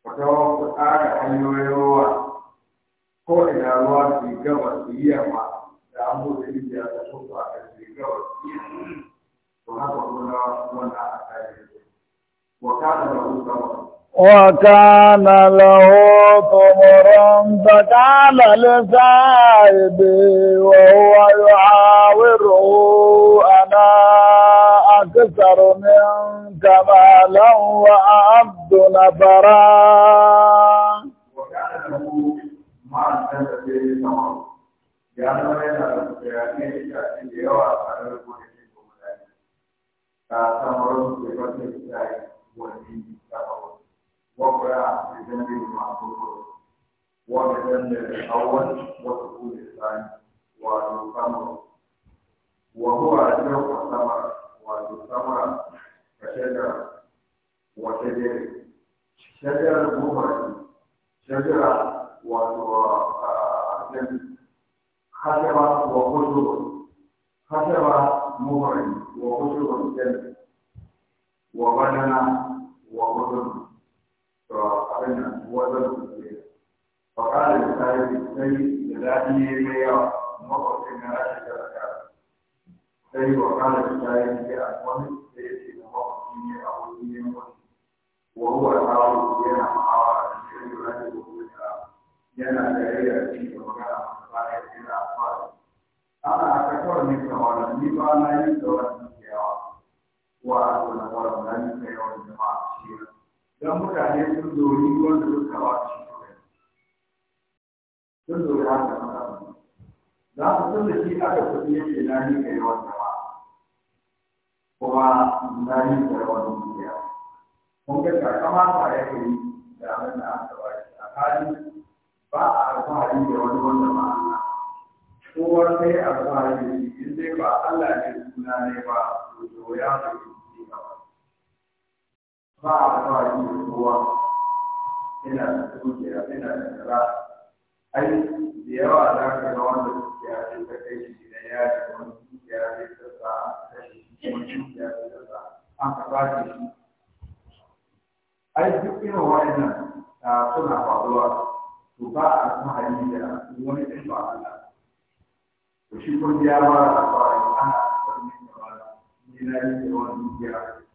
B: ku tawa ku tsara hanyoyin ruwa ko ina ruwa su yi gaba su yi yamma da an buɗe rijiya ta so su a ƙarshe gaba su yi to haka gona وكان
C: له ثمر فقال لصاحبي وهو يعاوره أنا أكثر منك مالا وأعبد نفرا
A: Thank
B: you. وقرأ بجنبه المعصوم وبجنب الأول وسكون الثاني والثمر وهو جوف الثمر والثمر كشجرة وشجر شجر المبرد شجرة وجنب خشبة وخشب خشبة مبرد وخشب جنب وبننا وغدر فأنا هو ذلك الشيء فقال لسائل السيد لذاته ليا مقر في مراشد الأكاد
A: سيد وقال لسائل
B: لأكوان سيد مقر في أول يوم وهو يحاول ينا معاوى الشيء الذي هو ينا جريئة في مكان مصالح إلى أطفال أنا
A: أكثر من سوالا لما لا يستوى الدنيا وأكون أول من
B: don mutane sun zori wanda suka wace sun zori haka mutane za su sun da shi aka kuɗi yake na yi ka yi wanda ba kuma na yi ka yi wanda
A: dukiya kun ga kakama ta ya yi da abin da aka shi a hali ba a alfahari da wani wanda ba kowa sai alfahari da shi in dai ba Allah ne suna ne ba to ya fi
B: ba a ba yi da kowa yana da dukiya yana da kaza ai da yawa za ka ga wanda dukiya sai ta kai shi gidan yaji wani dukiya sai ta sa kashe shi wani dukiya sai ta sa an ka ba shi
A: ai duk irin wa'annan suna faruwa to ba a kuma hali da wani ɗin ba Allah to shi kun ya ba
B: da ba ana son ne ba ni na yi da wani dukiya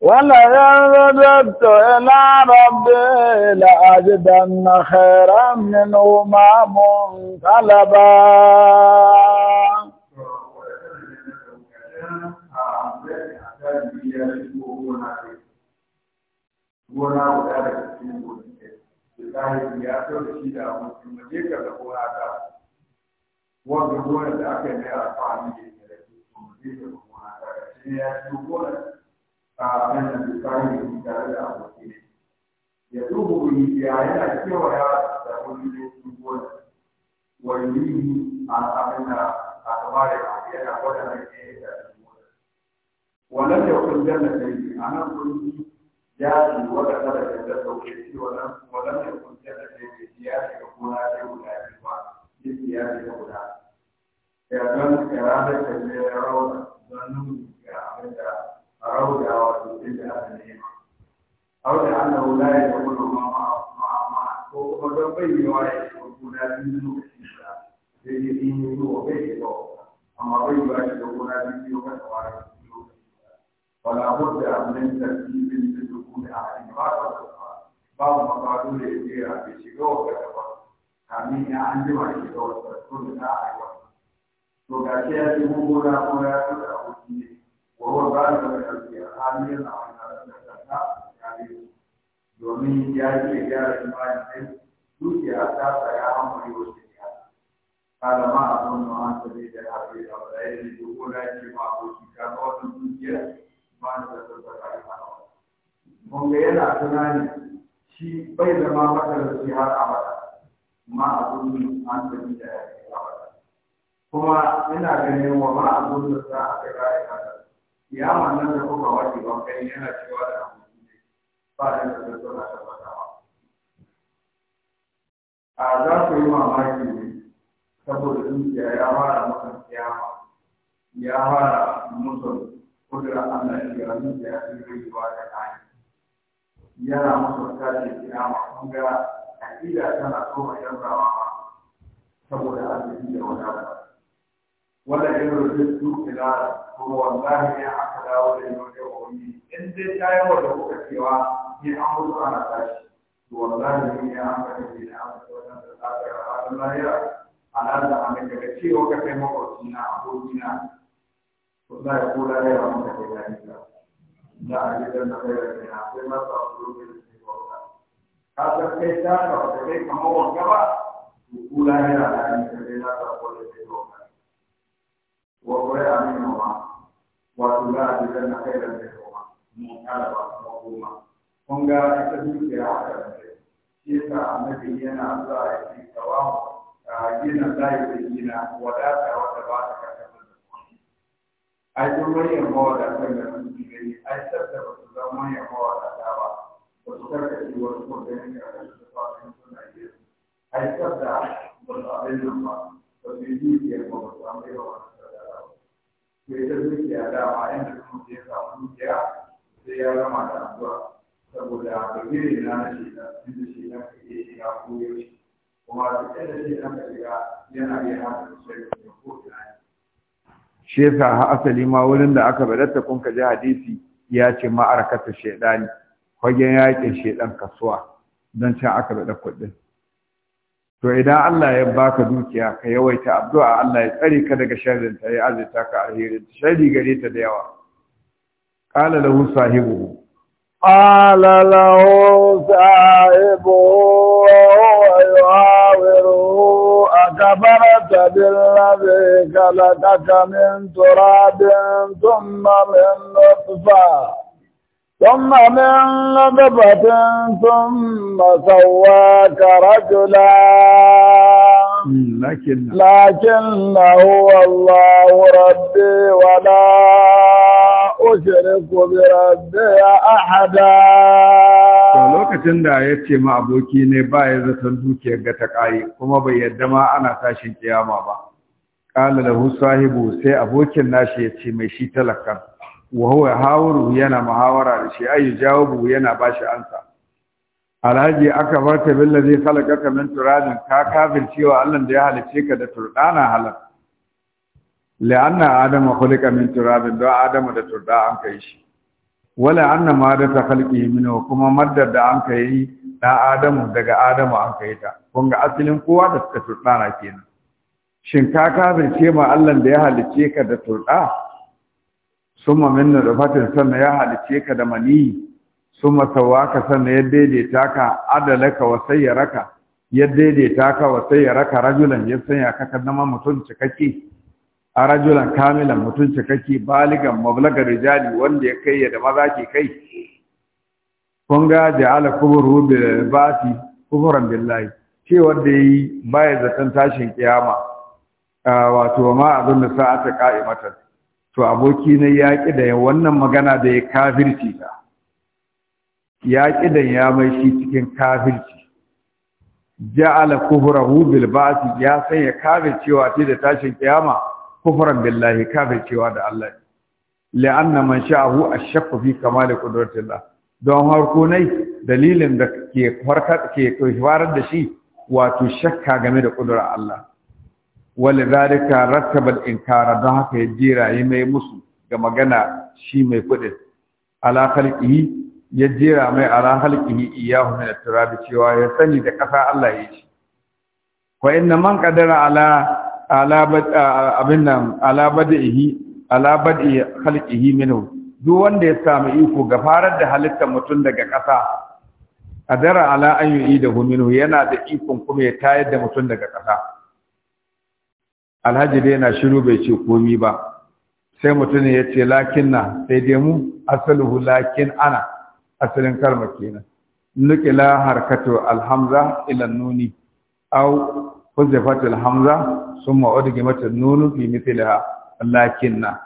C: ولئن رددت إلى ربي لأجدن خيرا منهما منقلبا
A: gona cikin ya so da da mutum da je ka da gona ta wanda gona da aka yi mai alfahari da ke da kuma da gona ta da shi ya a nan da misali ne tare da abokai
B: ya duba wuri ya yana
A: kewaya da wuri ne su gona wani a abin da a gaba da yana gwada na
B: ke da gona
A: wannan da kun janna yi a nan kun
B: ya ce wata kada da ta sauke wannan da ya ce gona da guda biyu ba ya ya rawar don rauda awa, inda aka nema rauda annahu la yakunu ma'a ko kuma don bayyawa ya shiga
A: gona biyu lokacin da zai yi in yi zuwa bai yi ba amma bai yi ba shiga gona biyu kan tsawara biyu wala budda min tartibin da dukkan da aka yi ba ta babu mafado da ya jera bai shiga wa kamin ya an jima
B: shiga wata sun da ta وهو ذلك من a حاليا او domin ya ce gyara imanin sai dukiya ta tsaya an
A: mai wasu ya kada ma a sun ma an tabi da hafi da wala ya ne duk wala ce ma aboki ka ga wannan dukiya ba ni da sun tsaka ya fara mun ga yana tunani shi bai zama matsalarci har abada ma a sun an tabi da hafi abada kuma ina ganin wa ma a sun da sa
B: a kai ra'ayi kiyama nan da kuka wace ba kai yana cewa da abokin ne ba da da da suna tabbatawa a za ku yi mamaki ne saboda zuciya ya fara maka kiyama ya fara musu kudura Allah shi ga da ya
A: yi rayuwa da kai yana musu tashi kiyama kun ga aqida tana so a ba saboda arziki da wadata wanda ya rubuta su kuma wallahi ya aka dawo da yau da wani in dai ta yi wa da kuka cewa ni an mutu ana tashi to ne ni ya aka da na an mutu wannan da ta ga ranar lahira da daga cewa ka kai makwabci na aboki na ko da ya mun da kai da da a gidan da kai da ni akwai masu aboki da ke kwauta ka san kai ta ka kai kamar wanga ba
B: ko da ya da ni kai na ta kwauta da وقرأ منهما وتولى بذن خيرا منهما مطلبا مقوما
A: kun ga ita dukiya haka ne shi yasa annabi yana za a ah, yi tawamu a gina layi da gina wadata wa ba ta kasa da ai duk manyan mawadatan da
B: sun ji ai sabda ba su zama manyan mawadata ba ba su karkace wasu kogin karkace da fasin suna yi ai sabda ba su abin nan ba ba su yi dukiyar ba ba su
A: Mai sai da dukiya dama inda kuma ya samu dukiya sai ya zama da addu'a saboda bagire na na shida da shi nan ka iya shiga ko yaushe kuma duk
B: inda shi ɗan ka shiga yana iya hada sosai da ko ina
A: shi yasa asali ma wurin da aka badatta kun ka ji hadisi ya ce ma'arakatu shaidani fagen yakin shaidan kasuwa don can aka da kuɗin to idan Allah ya baka dukiya ka yawaita addu'a Allah ya tsare ka daga sharrin ta ya azurta ka alherin ta sharri gare ta da yawa qala lahu sahibu
C: qala lahu sahibu yuhawiru akafarta billadhi khalaqaka min turabin thumma min nutfah ثم من نطفة ثم سواك رجلا لكن لكن هو الله ربي ولا أشرك بربي أحدا
A: lokacin da ya ce ma aboki ne ba ya zaton dukiyar ga ta ƙari kuma bai yadda ma ana tashin kiyama ba ƙala da sahibu sai abokin nashi ya ce mai shi talakan wa huwa yahawuru yana muhawara da shi ayu jawabu yana bashi ansa alhaji aka farta billazi khalaqaka min turabin ka kafir cewa Allah da ya halice ka da turdana halal la'anna adam khuliqa min turabin da adam da turda an kai shi wala anna madata khalqihi wa kuma madda da an kai da adamu daga adamu an kai ta kun ga asalin kowa da suka turdana kenan shin ka kafirce ma Allah da ya halice ka da turda summa minna nutfatin sannan ya halice ka da mani summa sawaka sannan ya daidaita ka adalaka wa sayyaraka ya daidaita ka wa sayyaraka rajulan ya sanya ka kaddama mutum cikakke a rajulan kamilan mutum cikakke baligan mablagar rijali wanda ya kai da maza ke kai kun ga ja'ala kuburu bil basi kuburan billahi ce wanda yayi baya zaton tashin kiyama wato ma abin da sa'ata mata. to aboki ne ya ƙi da wannan magana da ya kafirci ta ya ƙi da ya mai shi cikin kafirci ja'ala kufrahu bil ya sanya kafircewa ta da tashin kiyama kufran billahi kafircewa da Allah la'anna man sha'ahu ashaqqa fi kamali qudratillah don harko nai dalilin da ke farka ke da shi wato shakka game da kudura Allah wali zalika in kara don haka ya jera yi mai musu ga magana shi mai kudin ala khalqihi ya jera mai ala khalqihi iyahu min at-turabi cewa ya sani da kasa Allah ya ci wa inna man qadara ala ala abin nan ala bad'ihi ala bad'i khalqihi duk wanda ya samu iko ga farar da halitta mutum daga kasa qadara ala an yu'idahu minhu yana da ikon kuma ya tayar da mutum daga kasa alhaji dai yana shiru bai ce komi ba sai mutum ya ce lakin na sai dai mu asaluhu lakin ana asalin kalma kenan nukila harkatu alhamza ila nuni au huzifat alhamza summa udgimat nunu fi mithliha lakin na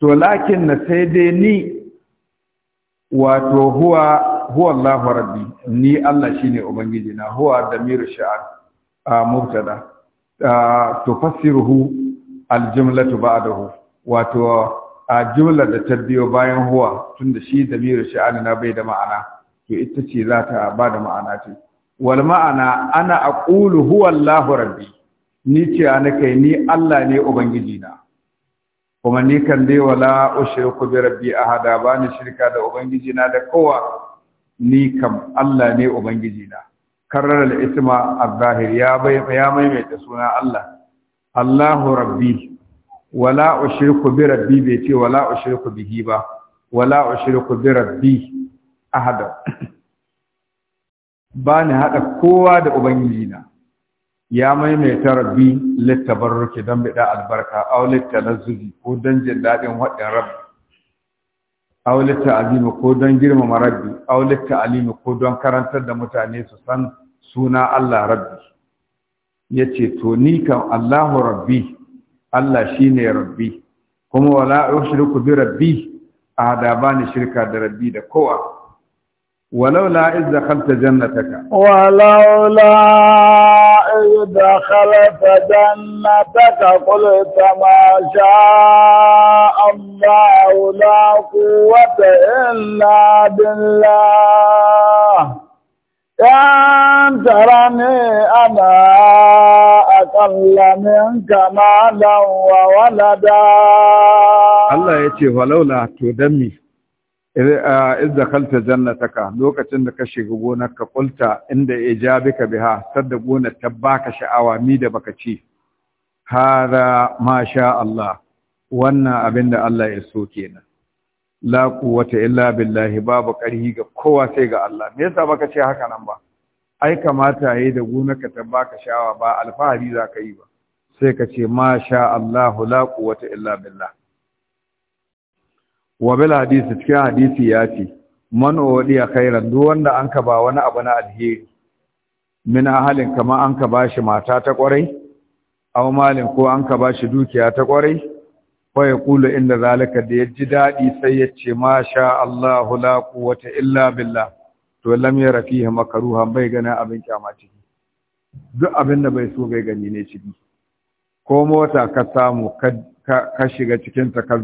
A: to lakin na sai dai ni wato huwa huwa Allahu rabbi ni Allah shine ubangiji na huwa damiru sha'ar a mubtada tufassiruhu da hu, wato a jumlar da ta biyo bayan huwa tunda shi da damiru sha'ani na bai da ma'ana to ita ce za ta ba da ma'ana ce wal ma'ana ana aqulu huwa Allahu rabbi ni ce kai ni Allah ne ubangiji na kuma ni kan dai wala ushriku bi rabbi a ba ni shirka da ubangiji na da kowa ni kam Allah ne ubangiji na karrar al'isma al-zahir ya maimaita suna Allah Allahu rabbi wala ushriku bi rabbi bai ce wala ushriku bihi ba wala ushriku bi rabbi ahada ba ni haɗa kowa da ubangiji na ya maimaita rabbi littabarruki don da albarka na littanazzuli ko don jin daɗin waɗin rabbi aulita alimu ko don girmama rabbi aulita alimu ko don karantar da mutane su san suna Allah rabbi yace to ni kan Allahu rabbi Allah shine rabbi kuma wala ushriku bi rabbi ahada ba bani shirka da rabbi da kowa ولولا إذ دخلت جنتك ولولا إذ
C: دخلت جنتك قلت ما شاء الله لا قوة إلا بالله إن ترني أنا أقل منك مالا وولدا
A: الله يتي ولولا تدمي idza kalta jannataka lokacin da ka shiga gonar ka kulta inda ijabika biha sadda gonar ta baka sha'awa mi da baka ci hada ma sha Allah wannan abinda Allah ya so kenan la quwwata illa billahi babu karhi ga kowa sai ga Allah me yasa baka ce haka nan ba ai kamata yayi da gonar ka ta baka sha'awa ba alfahari za ka yi ba sai ka ce ma sha Allah la quwwata illa billah wa bil hadisi cikin hadisi ya ce man a khairan duk wanda an ka ba wani abu na alheri min ahalin kama an ka ba shi mata ta kwarai aw malin ko an ka ba shi dukiya ta kwarai fa kula inda zalika da ya ji dadi sai ya ce ma sha Allahu la quwwata illa billah to lam yara fihi makruha bai gana abin kyama ciki duk abin da bai so bai gani ne ciki ko mota ka samu ka shiga cikin ta ka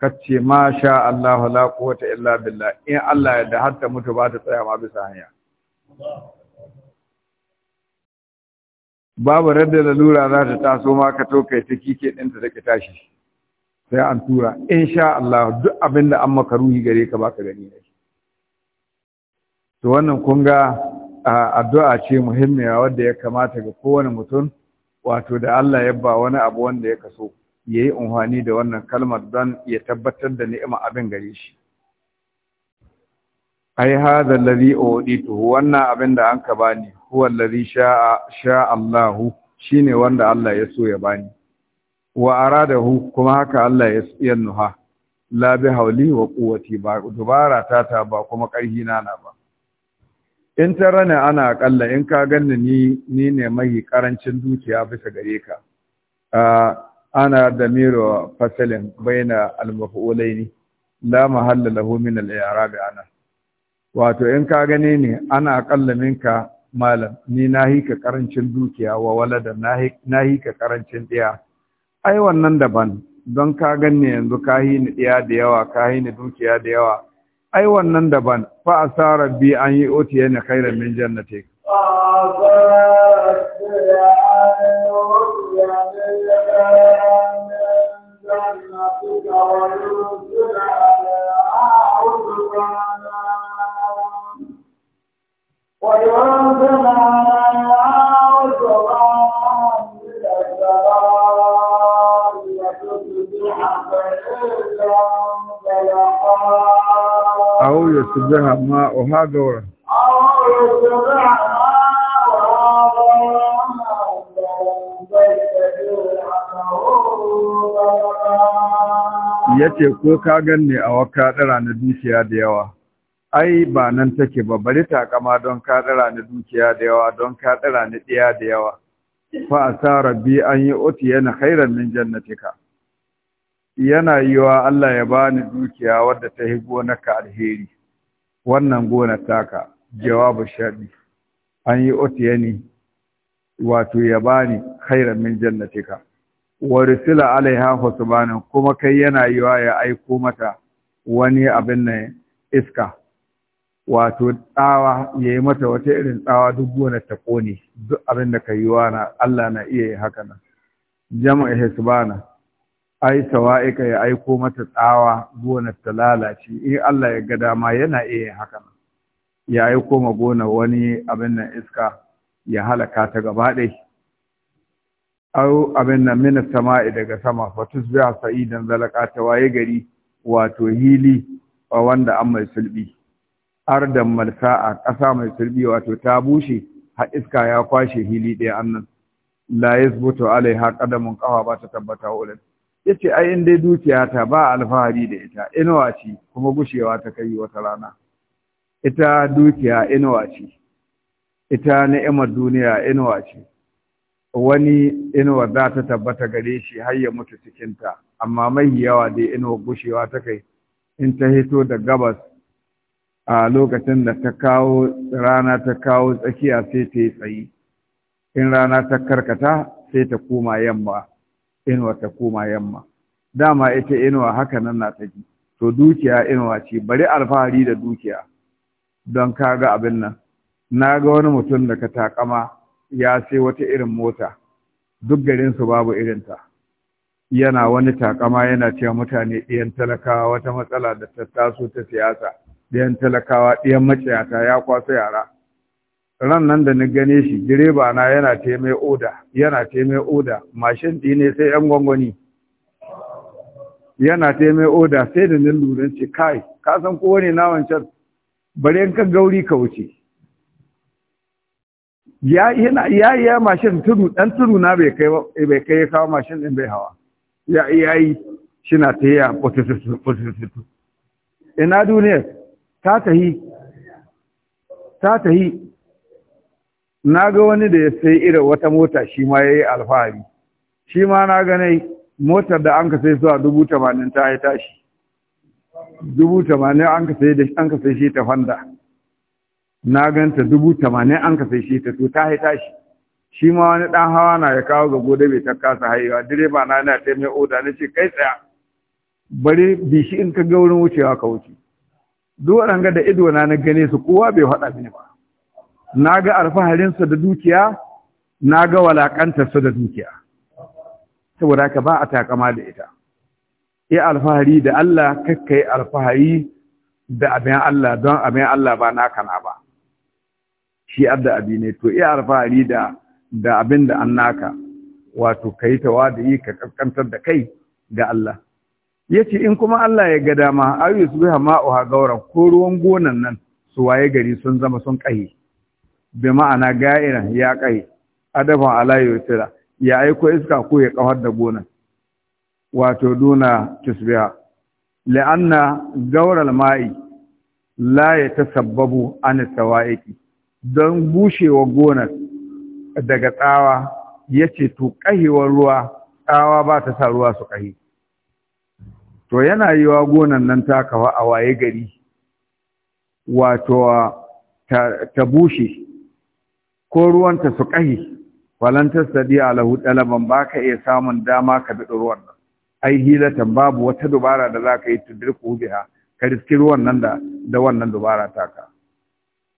A: kace ma sha Allah la quwwata illa billah in Allah ya da har ta mutu ba ta tsaya ma bisa hanya babu radda lalura za ta taso ma ka to kai ta kike ɗinta da tashi sai an tura insha Allah duk abin da an maka ruhi gare ka baka gani ne to wannan kun ga addu'a ce muhimmiya wadda ya kamata ga kowane mutum wato da Allah ya ba wani abu wanda ya kaso ya yi unhani da wannan kalmar don ya tabbatar da ni'ima abin gare shi ai a waɗi tuhu. wannan abin da anka bani huwa sha sha'a sha shi ne wanda Allah ya so ya bani wa da hu, kuma haka Allah ya ya nuha labi hauli wa ƙuwati ba dubara ta ta ba kuma karhi na ba in ta rana ana aƙalla, in ka ganni ni ne mai karancin dukiya bisa gare ka ah, ana da miro fasalin baina al-maf'ulaini la mahalla lahu min al-i'rab ana wato in ka gane ne ana akalla minka malam ni nahi ka karancin dukiya wa da na ka karancin ɗaya. ai wannan daban don ka ganni yanzu ka ni ɗaya da yawa ka ni dukiya da yawa ai wannan daban fa asara bi an yi otiya na khairan min jannatik
C: أو يتبعها ماءها دورا أو يتبعها
A: ya ce ko ka ganne a waka ɗara na dukiya da yawa ai ba nan take ba bari takama don ka ɗara na dukiya da yawa don ka ɗara na ɗiya da yawa fa sa rabbi an yi oti yana khairan min jannatika yana yiwa Allah ya bani dukiya wadda ta yi gonaka alheri wannan gona taka jawabu shaɗi an yi oti yani wato ya bani khairan min jannatika warisila alaiha husbanan kuma kai yana yiwa ya aiko mata wani abin nan iska wato tsawa ya yi mata wata irin tsawa duk gona ta kone duk abin da ka yi na Allah na iya yi haka nan jama'a hisbana ai sawa'ika ya aiko mata tsawa gona ta lalace in Allah ya ga dama yana iya yin haka nan ya aiko ma gona wani abin nan iska ya halaka ta gaba ɗaya au abin nan mina sama'i daga sama fa biya sa'idan zalaka ta waye gari wato hili wa wanda an mai sulbi ardan malsa'a ƙasa mai sulbi wato ta bushe har iska ya kwashe hili ɗaya annan la yasbutu alaiha qadamun qawa ba ta tabbata wurin. yace ai in dai dukiya ta ba alfahari da ita inuwa ce kuma gushewa ta kai wata rana ita dukiya inuwa ce ita ni'imar duniya inuwa ce wani inuwar za ta tabbata gare shi har ya mutu cikinta amma mai yawa dai inuwar gushewa ta kai in ta hito da gabas a lokacin da ta kawo rana ta kawo tsakiya sai ta yi tsayi in rana ta karkata sai ta koma yamma inuwa ta koma yamma dama ita inuwa haka nan na tafi to dukiya inuwa ce bari alfahari da dukiya don kaga abin nan na ga wani mutum da ka takama ya sai wata irin mota duk garinsu babu irinta yana wani takama yana cewa mutane ɗiyan talakawa wata matsala da ta taso ta siyasa ɗiyan talakawa ɗiyan maciyata ya kwaso yara ran nan da ni gane shi direba na yana ce mai oda yana ce mai oda mashin ɗi ne sai yan gwangwani yana ce mai oda sai da nan lura ce kai ka san kowane na wancan bari ka gauri ka wuce ya yi ya mashin tudu ɗan tudu na bai kai ya kawo mashin ɗin bai hawa ya shi shina ta yi a potisitu ina duniya ta tahi ta yi na ga wani da ya sai irin wata mota shi ma ya yi alfahari shi ma na ganai motar da an ka sai zuwa dubu tamanin ta haita shi dubu tamanin an ka sai shi ta fanda na ganta dubu tamanin an ka shi ta to ta haita tashi shi ma wani ɗan hawa na ya kawo ga gode bai ta kasa haihuwa direba na yana ta mai oda na ce kai tsaya bari bi in ka ga wurin wucewa ka wuce duk waɗanga da ido na na gane su kowa bai haɗa mini ba na ga alfaharinsa da dukiya na ga walakantarsa da dukiya saboda ka ba a takama da ita ya alfahari da Allah kakkai alfahari da abin Allah don abin Allah ba naka na ba shi adda abi ne to iya alfahari da da abin da an naka wato kai yi ka kankantar da kai ga Allah yace in kuma Allah ya ga dama ayu subha ha gauran ko ruwan gonan nan su waye gari sun zama sun kai bi ma'ana ga'ira ya kai adafa ala yusra ya aiko iska ko ya kawar da gonan wato duna tusbiha la'anna gaural ma'i la yatasabbabu an sawa'iki don bushewa gonar daga tsawa ya ce to ƙahewar ruwa tsawa ba ta sa ruwa su ƙahi to yana yi wa gonar nan takawa a waye gari wato ta bushe ko ruwanta su ƙahi falantar a lahu ɗalaban ba ka iya samun dama ka daɗa ruwan nan ai hilatan babu wata dubara da za ka yi tudirku biya ka riski ruwan nan da wannan dubara taka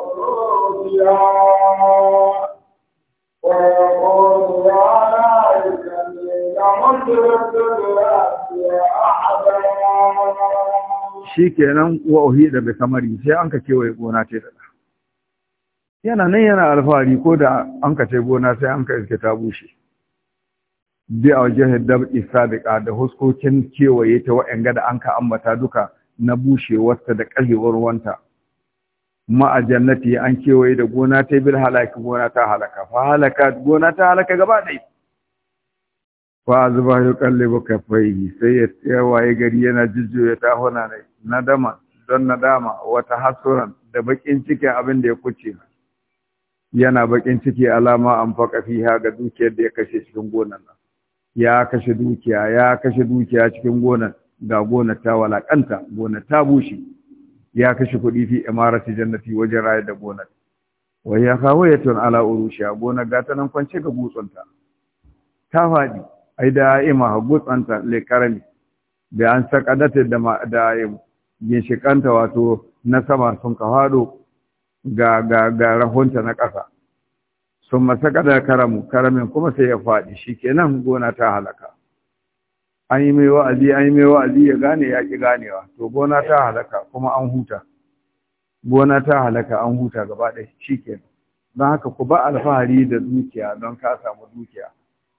C: أولياء ويقول لا يكلم مشرك da
A: shi kenan wa da bai kamari sai an ka kewaye gona ce da yana nan yana alfahari ko da an ka ce gona sai an ka iske ta bushe bi a wajen dab'i sadiqa da huskokin kewaye ta wa'yan da an ka ambata duka na bushewarta da ƙarewar ruwanta ma'a jannati an kewaye da gona ta bil halaki gona ta halaka fa halaka gona ta halaka gaba ɗaya fa zuba yu kallibu kafayhi sai ya waye gari yana ya ta hona ne nadama don nadama wata hasuran da bakin cikin abin da ya kuce yana bakin ciki alama an faka fiha ga dukiyar da ya kashe cikin gonan nan ya kashe dukiya ya kashe dukiya cikin gonan ga gonar ta walakanta gonar ta bushe ya kashe kuɗi fi imarati jannati wajen rayar da gonar wai ya kawo ya tun ala urushiya gonar ta nan kwance ga gutsunta ta faɗi ai da ima gutsanta le karami da an sakadata da da ginshikanta wato na sama sun ka faɗo ga ga ga rahonta na ƙasa sun masakada da karamu karamin kuma sai ya faɗi shi shikenan gona ta halaka an yi mai wa'azi an yi mai wa'azi ya gane ya ki ganewa to gona ta halaka kuma an huta gona ta halaka an huta gaba ɗaya ke don haka ku ba alfahari da dukiya don ka samu dukiya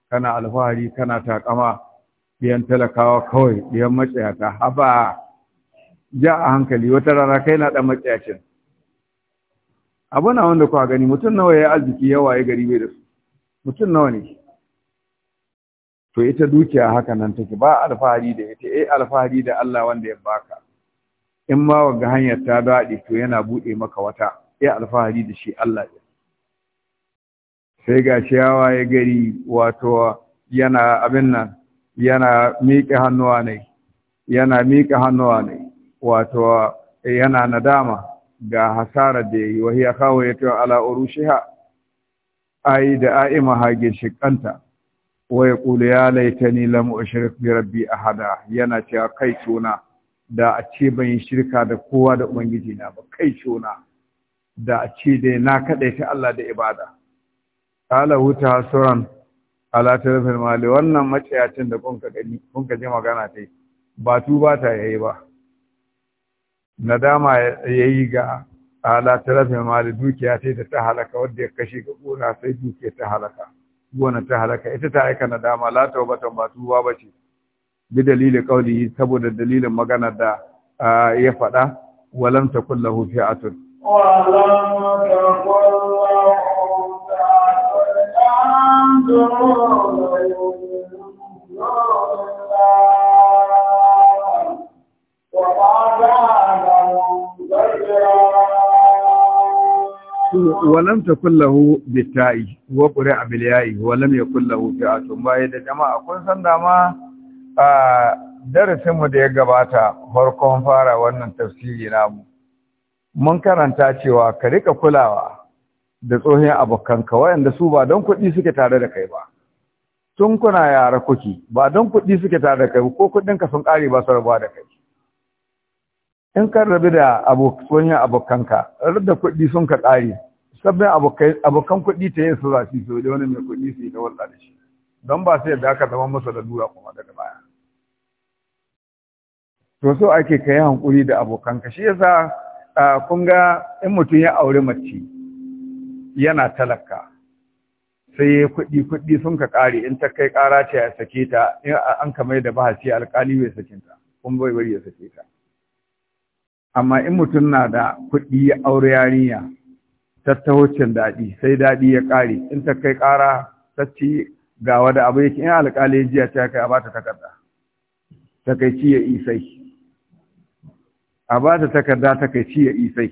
A: kana alfahari kana takama biyan talakawa kawai biyan matsayata haba ja a hankali wata rana kai na dan matsayacin abu na wanda ku gani mutum nawa ya arziki yawa ya gari bai da su mutum nawa ne to ita dukiya haka nan take ba alfahari da ita eh alfahari da Allah wanda ya baka in ma waga hanyar ta daɗe to yana buɗe maka wata eh alfahari da shi Allah ya sai ga ciyawa ya gari wato yana abin nan yana miƙe hannuwa ne yana miƙe hannuwa ne wato eh, yana nadama ga hasarar da yayi wa hiya kawo ya ala urushiha ai da shi kanta wa ƙuli ya lamu a ushrik bi rabbi ahada yana cewa kai suna da a ce ban yi shirka da kowa da ubangiji na ba kai tona da a ce dai na ta Allah da ibada ala huta suran ala tarfil mali wannan maciyacin da kun ka gani kun ka ji magana ta ba tuba ta yayi ba nadama yi ga ala tarfil mali dukiya ta da ta halaka wadda ya kashe ga ƙuna sai dukiya ta halaka wannan ta halaka ita ta aika nadama la taubatan ba tuba bace bi dalilin qawlihi saboda dalilin magana da ya faɗa walam takul lahu fi'atun
C: walam takul lahu
A: walam ta kullahu bitta'i wa ƙure a biliyayi walam ya kullahu fi'atun baya da jama'a kun san dama a darasinmu da ya gabata farkon fara wannan tafsiri namu mun karanta cewa ka rika kulawa da tsohon abokanka waɗanda su ba don kuɗi suke tare da kai ba tun kuna yara kuki ba don kuɗi suke tare da kai ko kuɗinka sun ƙare ba su rabuwa da kai in ka rabu da abokan abokanka rabu da kuɗi sun ka ƙare sabbin abokan kuɗi ta yi sura su so da wani mai kuɗi su yi kawar da shi don ba sai da aka zama masa da dura kuma daga baya to so ake ka yi hankuri da abokanka shi yasa kun ga in mutum ya aure mace yana talaka sai ya kuɗi kuɗi sun ka ƙare in ta kai ƙara ce ya sake ta in an kamar da bahasi alƙali bai sake ta, kuma bai bari ya sake ta amma in mutum na da kuɗi aure yarinya ta daɗi sai daɗi ya ƙare in ta kai ƙara ta ci ga wada abu yake in alƙali ya jiya ta kai a ba ta takarda ta kai ci ya isai a ba takarda ta kai ci ya isai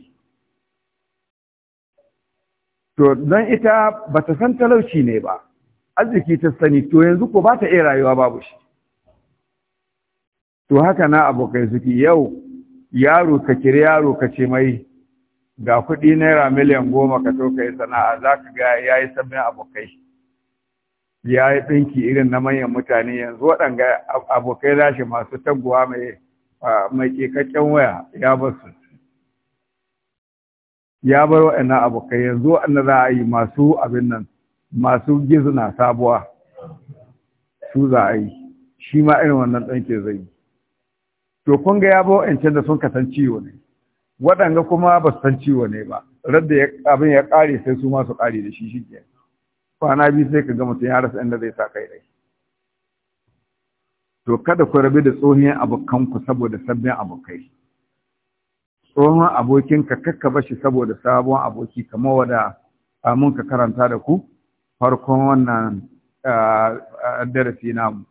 A: to don ita ba ta san talauci ne ba arziki ta sani to yanzu ko ba ta iya rayuwa babu shi to haka na abokai suke yau yaro ka kiri yaro ka ce mai ga kuɗi naira miliyan goma ka to ka yi sana'a za ka ga ya yi sabbin abokai ya yi ɗinki irin na manyan mutane yanzu waɗanga abokai nashi masu taguwa mai mai waya ya bar su ya bar waɗannan abokai yanzu waɗanda za a yi masu abin nan masu gizna sabuwa su za a yi shi ma irin wannan ɗan ke zai yi to kun ga ya bawa yancin da sun kasan ciwo ne waɗanga kuma ba su san ciwo ne ba radda abin ya ƙare sai su ma su ƙare da shi shi ke kwana biyu sai ka ga mutum ya rasa inda zai sa kai dai to kada ku rabi da tsohon abokanku saboda sabbin abokai tsohon abokinka kakka bashi saboda sabon aboki kamar wada mun ka karanta da ku farkon wannan ah, darasi namu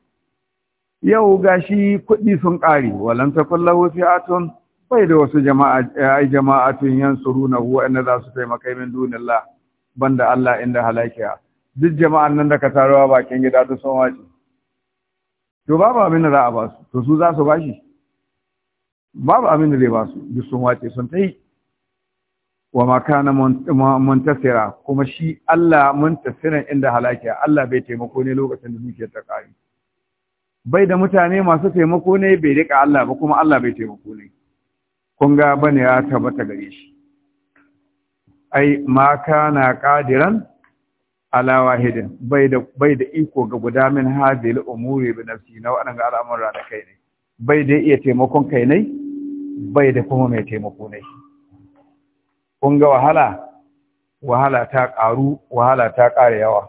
A: yau gashi kuɗi sun ƙare walan takun lahu fi'atun bai da wasu jama'a ai jama'atun yansuruna huwa inna za su taimaka min dunillah banda Allah inda halakiya duk jama'an nan da ka taruwa bakin gida duk sun wace to babu abin da za a ba su to su za su bashi babu abin da zai ba su duk sun wace sun tai wa makana muntasira kuma shi Allah muntasiran inda halakiya Allah bai taimako ne lokacin da zuciyar ta ƙari bai da mutane masu taimako ne bai rika Allah ba kuma Allah bai taimako ne kun ga bane ya tabbata gare shi ai ma kana qadiran ala wahidin bai da bai da iko ga guda min hadil umuri bi nafsi na waɗanda al'amuran da kai ne bai da iya taimakon kai ne bai da kuma mai taimako ne kun ga wahala wahala ta ƙaru wahala ta ƙara yawa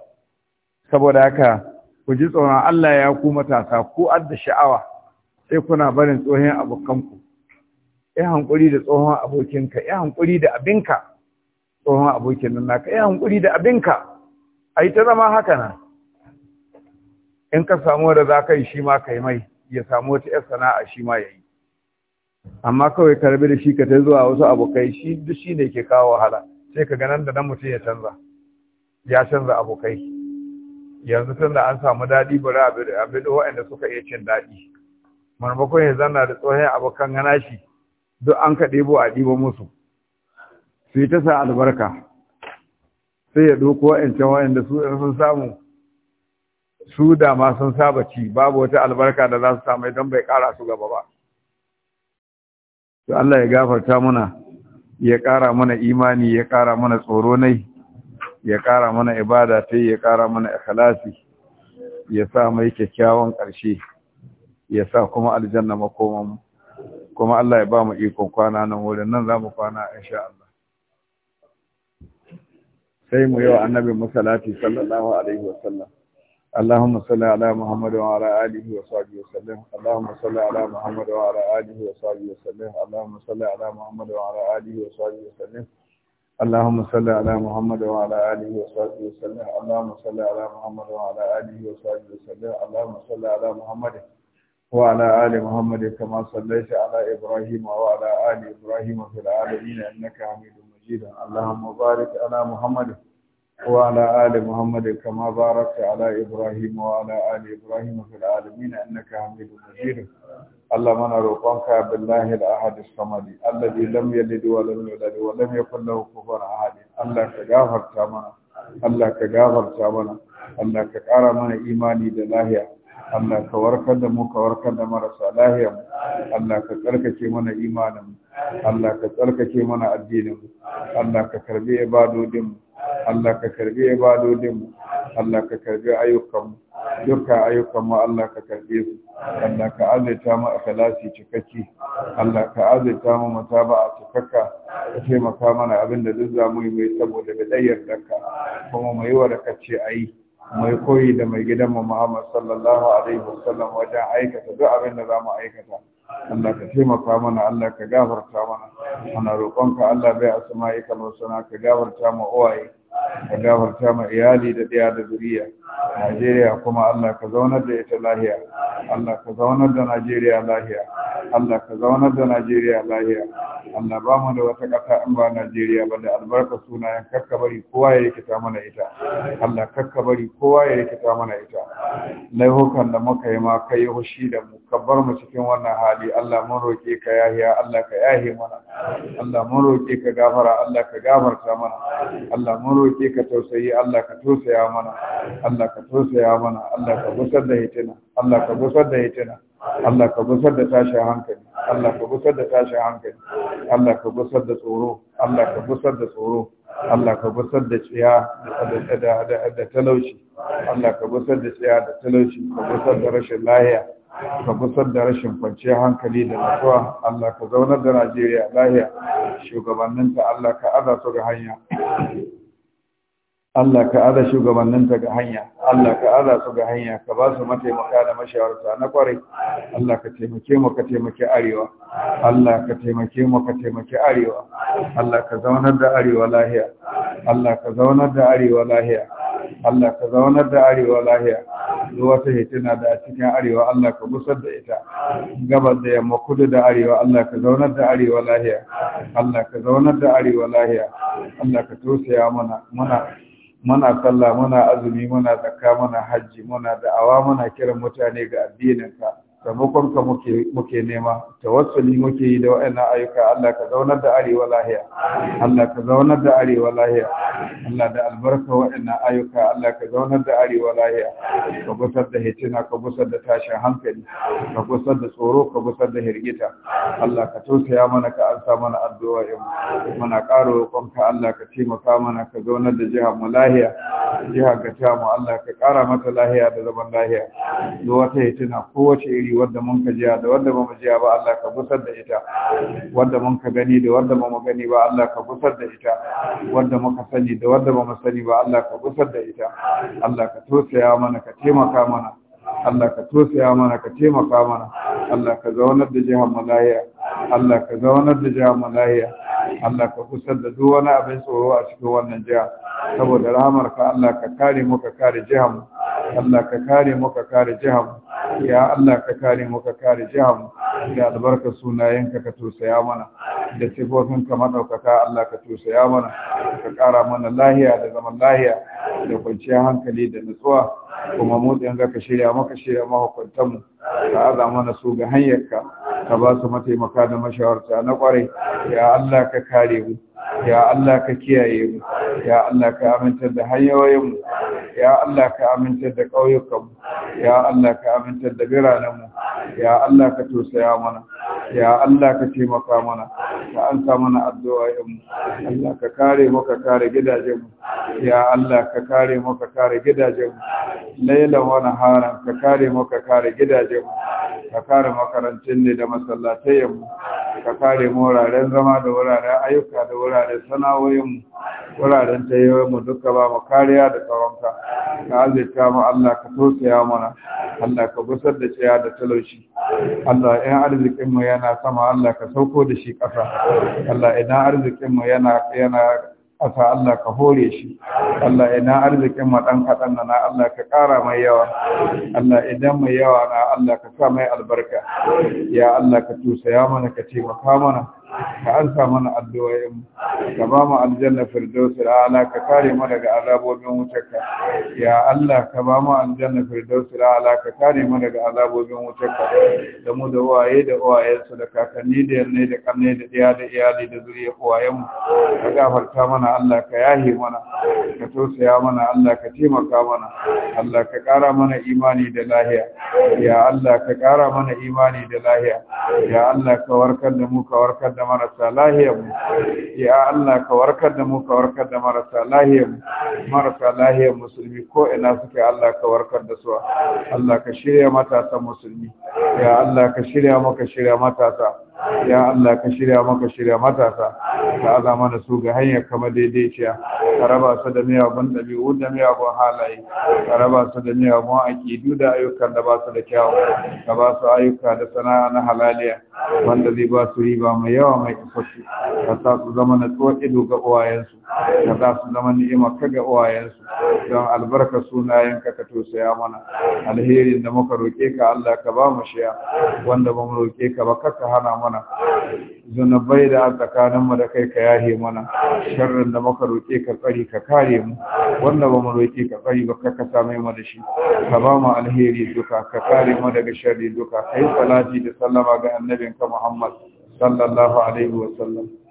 A: saboda haka ku ji tsoron Allah ya ku matasa ku adda sha'awa sai kuna barin tsohon abokanku ya hankuri da tsohon abokinka ya hankuri da abinka tsohon abokin nan naka ya hankuri da abinka ai ta zama haka nan in ka samu da za ka yi shi ma ka yi mai ya samu wata yar sana'a shi ma ya yi amma kawai ka rabe da shi ka ta zuwa wasu abokai shi duk shi ne ke kawo wahala sai ka nan da nan mutum ya canza ya canza abokai yanzu tun da an samu daɗi bari a bi bido waɗanda suka iya cin daɗi marmakon ya zanna da tsohon abokan gana shi duk an ka ɗebo a ɗibo musu su yi ta sa albarka sai ya ɗauko waɗancan waɗanda su sun samu su da ma sun saba ci babu wata albarka da za su samu idan bai ƙara su gaba ba to Allah ya gafarta mana ya ƙara mana imani ya ƙara mana tsoro nai ya ƙara mana ibada ta ya ƙara mana ikhlasi ya sa mai kyakkyawan ƙarshe ya sa kuma aljanna makoman kuma Allah ya ba mu ikon kwana nan wurin nan za mu kwana insha Allah sai mu yi wa annabi musalati sallallahu alaihi wa sallam اللهم صل على محمد وعلى آله وصحبه وسلم اللهم صل على محمد وعلى آله وصحبه وسلم اللهم صل على محمد وعلى آله وصحبه وسلم اللهم صل على محمد وعلى اله وصحبه وسلم اللهم صل على محمد وعلى اله وصحبه وسلم اللهم صل على محمد وعلى ال محمد كما صليت على ابراهيم وعلى ال ابراهيم في العالمين انك حميد مجيد اللهم بارك على محمد وعلى آل محمد كما باركت على إبراهيم وعلى آل إبراهيم في العالمين إنك حميد مجيد اللهم أنا روقك بالله الأحد الصمد الذي لم يلد ولم يولد ولم يكن له كفوا أحد الله كجافر تامنا الله كجافر تامنا الله كقارا من إيماني لله Allah ka warkar da mu ka warkar da marasa lahiyar Allah ka tsarkake mana imanin Allah ka tsarkake mana addinin Allah ka karbi ibadodin Allah ka karbi ibadodin Allah ka karbi ayyukan duka ayyukan mu Allah ka karbe su Allah ka azaita mu akhlasi cikakke Allah ka azaita mu a cikakka ka taimaka mana abin da duk zamu yi mai saboda da dayyar danka kuma mu yi wa da kace ayi mai koyi da mai gidan mu Muhammad sallallahu alaihi wasallam wajen aikata duk abin da zamu aikata Allah ka taimaka mana Allah ka gafarta mana ana roƙonka Allah bai asma'ika wa suna ka gafarta mu uwaye ka gafarta ma iyali da ɗaya da zuriya
B: Najeriya
A: kuma Allah ka zaunar da ita lahiya Allah ka zaunar da Najeriya lahiya Allah ka zaunar da Najeriya lahiya Allah ba mu da wata ƙasa in ba Najeriya ba da albarka sunayen karka bari kowa ya rikita mana ita Allah karka bari kowa ya rikita mana ita laihukan da muka yi ma kai hushi da mu ka bar mu cikin wannan hali Allah mun roƙe ka yahiya Allah ka yahi mana Allah mun roƙe ka gafara Allah ka gafarta mana Allah mun roƙe ka tausayi Allah ka tausaya mana Allah ka tausaya mana Allah ka busar da hitina Allah ka busar da hitina Allah ka busar da tashin hankali Allah ka busar da tashin hankali Allah ka busar da tsoro Allah ka busar da tsoro Allah ka busar da tsiya da talauci Allah ka busar da tsiya da talauci ka busar da rashin lahiya ka busar da rashin kwanciyar hankali da nutsuwa Allah ka zaunar da Najeriya lahiya shugabanninta Allah ka aza su ga hanya Allah ka aza shugabanninta ga hanya Allah ka aza su ga hanya ka ba su mataimaka da mashawarta na kwarai Allah ka taimake mu ka taimake arewa Allah ka taimake mu ka taimake arewa Allah ka zaunar da arewa lahiya Allah ka zaunar da arewa lahiya Allah ka zaunar da arewa lahiya duk wata hitina da a cikin arewa Allah ka busar da ita gabar da yamma kudu da arewa Allah ka zaunar da arewa lahiya Allah ka zaunar da arewa lahiya Allah ka tausaya mana muna muna sallah muna azumi muna zakka muna hajji muna da'awa muna kiran mutane ga addinin addininka taimakon ka muke nema tawassuli muke yi da wa'annan ayyuka Allah ka zaunar da arewa lahiya Allah ka zaunar da arewa lahiya Allah da albarka wa'annan ayyuka Allah ka zaunar da arewa lahiya ka gusar da hitina ka gusar da tashin hankali ka gusar da tsoro ka gusar da hirgita Allah ka tausaya mana ka ansa mana addu'a yau muna ƙara roƙonka Allah ka taimaka mana ka zaunar da jihar mu lahiya jihar ga ta mu Allah ka ƙara mata lahiya da zaman lahiya duk wata hitina kowace iri alheri wadda mun ka jiya da wadda mu jiya ba Allah ka busar da ita wadda mun ka gani da wadda mu gani ba Allah ka busar da ita wadda muka sani da wadda mu sani ba Allah ka busar da ita Allah ka tosaya mana ka taimaka mana Allah ka tosiya mana ka taimaka mana Allah ka zaunar da jihar malaya Allah ka zaunar da jihar malaya Allah ka kusar da duk wani abin tsoro a cikin wannan jiha saboda rahamar ka Allah ka kare mu ka kare jihar mu Allah ka kare mu ka kare jihar mu ya Allah ka kare mu ka kare jihar mu da albarkar sunayenka ka tosiya mana da sifofin ka madaukaka Allah ka tosiya mana ka kara mana lahiya da zaman lahiya da kwanciyar hankali da nutsuwa kuma mu ɗin ka shirya maka shirya mahukuntanmu ka aza mana su ga hanyarka ka ba su mataimaka da mashawarta na kware ya Allah ka kare mu ya Allah ka kiyaye mu ya Allah ka amintar da hanyoyinmu ya Allah ka amintar da mu ya Allah ka amintar da biranenmu ya Allah ka tosaya mana ya Allah ka taimaka mana ka ansa mana mu Allah ka kare mu ka kare gidajenmu ya Allah ka kare mu ka kare gidajenmu laila wani haram, ka kare mu ka kare gidajenmu, ka kare makarantun ne da masallatai mu ka kare mu wuraren zama da wuraren ayyuka da wuraren sana'o'in mu wuraren tayoyin mu duka ba mu kariya da tsaronka ka azirta mu Allah ka tosaya mana Allah ka busar da ciya da talauci Allah in arzikin yana sama Allah ka sauko da shi ƙasa Allah idan arzikin yana yana Asa Allah ka hore shi Allah ina arzikin ma ɗan kaɗan na Allah ka kara mai yawa Allah idan mai yawa na Allah ka sa mai albarka ya Allah ka ya mana ka taimaka mana ka ansa mana addu'o'in ka ba mu aljanna firdausi ala ka kare mu daga azabobin wutarka ya Allah ka ba mu aljanna firdausi ala ka kare mu daga azabobin wutarka da mu da waye da uwayensu da kakanni da yanne da kanne da iya da iyali da zuriya uwayenmu ka gafarta mana Allah ka yahi mana ka tausaya mana Allah ka taimaka mana Allah ka kara mana imani da lahiya ya Allah ka kara mana imani da lahiya ya Allah ka warkar da mu ka warkar da marasa lahiyar mu ya Allah ka warkar da mu ka warkar da marasa lahiyar mu marasa lahiyar musulmi ko ina suke Allah ka warkar da su Allah ka shirya matasa musulmi ya Allah ka shirya maka shirya matasa ya Allah ka shirya maka shirya matasa ka aza mana su ga hanyar kama daidaiciya ka raba su da miyagun ɗabi'u da miyagun halaye ka raba su da miyagun aƙidu da ayyukan da ba su da kyawu ka ba su ayyuka da sana'a na halaliya wanda zai ba su riba mai yawa mai isassu ka sa su zama na tsohon ido ga uwayensu ka sa su zama ni'ima ka ga uwayensu don albarka sunayenka ka tosaya mana alherin da muka roƙe ka Allah ka ba mu shiya wanda ba mu roƙe ka ba ka hana mu mana zunubai da a tsakanin mu da kai ka yahe mana sharrin da muka roƙe ka tsari ka kare mu wanda ba mu roƙe ka tsari ba ka same mu da shi ka ba mu alheri duka ka kare mu daga sharri duka kai salati da sallama ga
B: annabinka Muhammad sallallahu alaihi wa sallam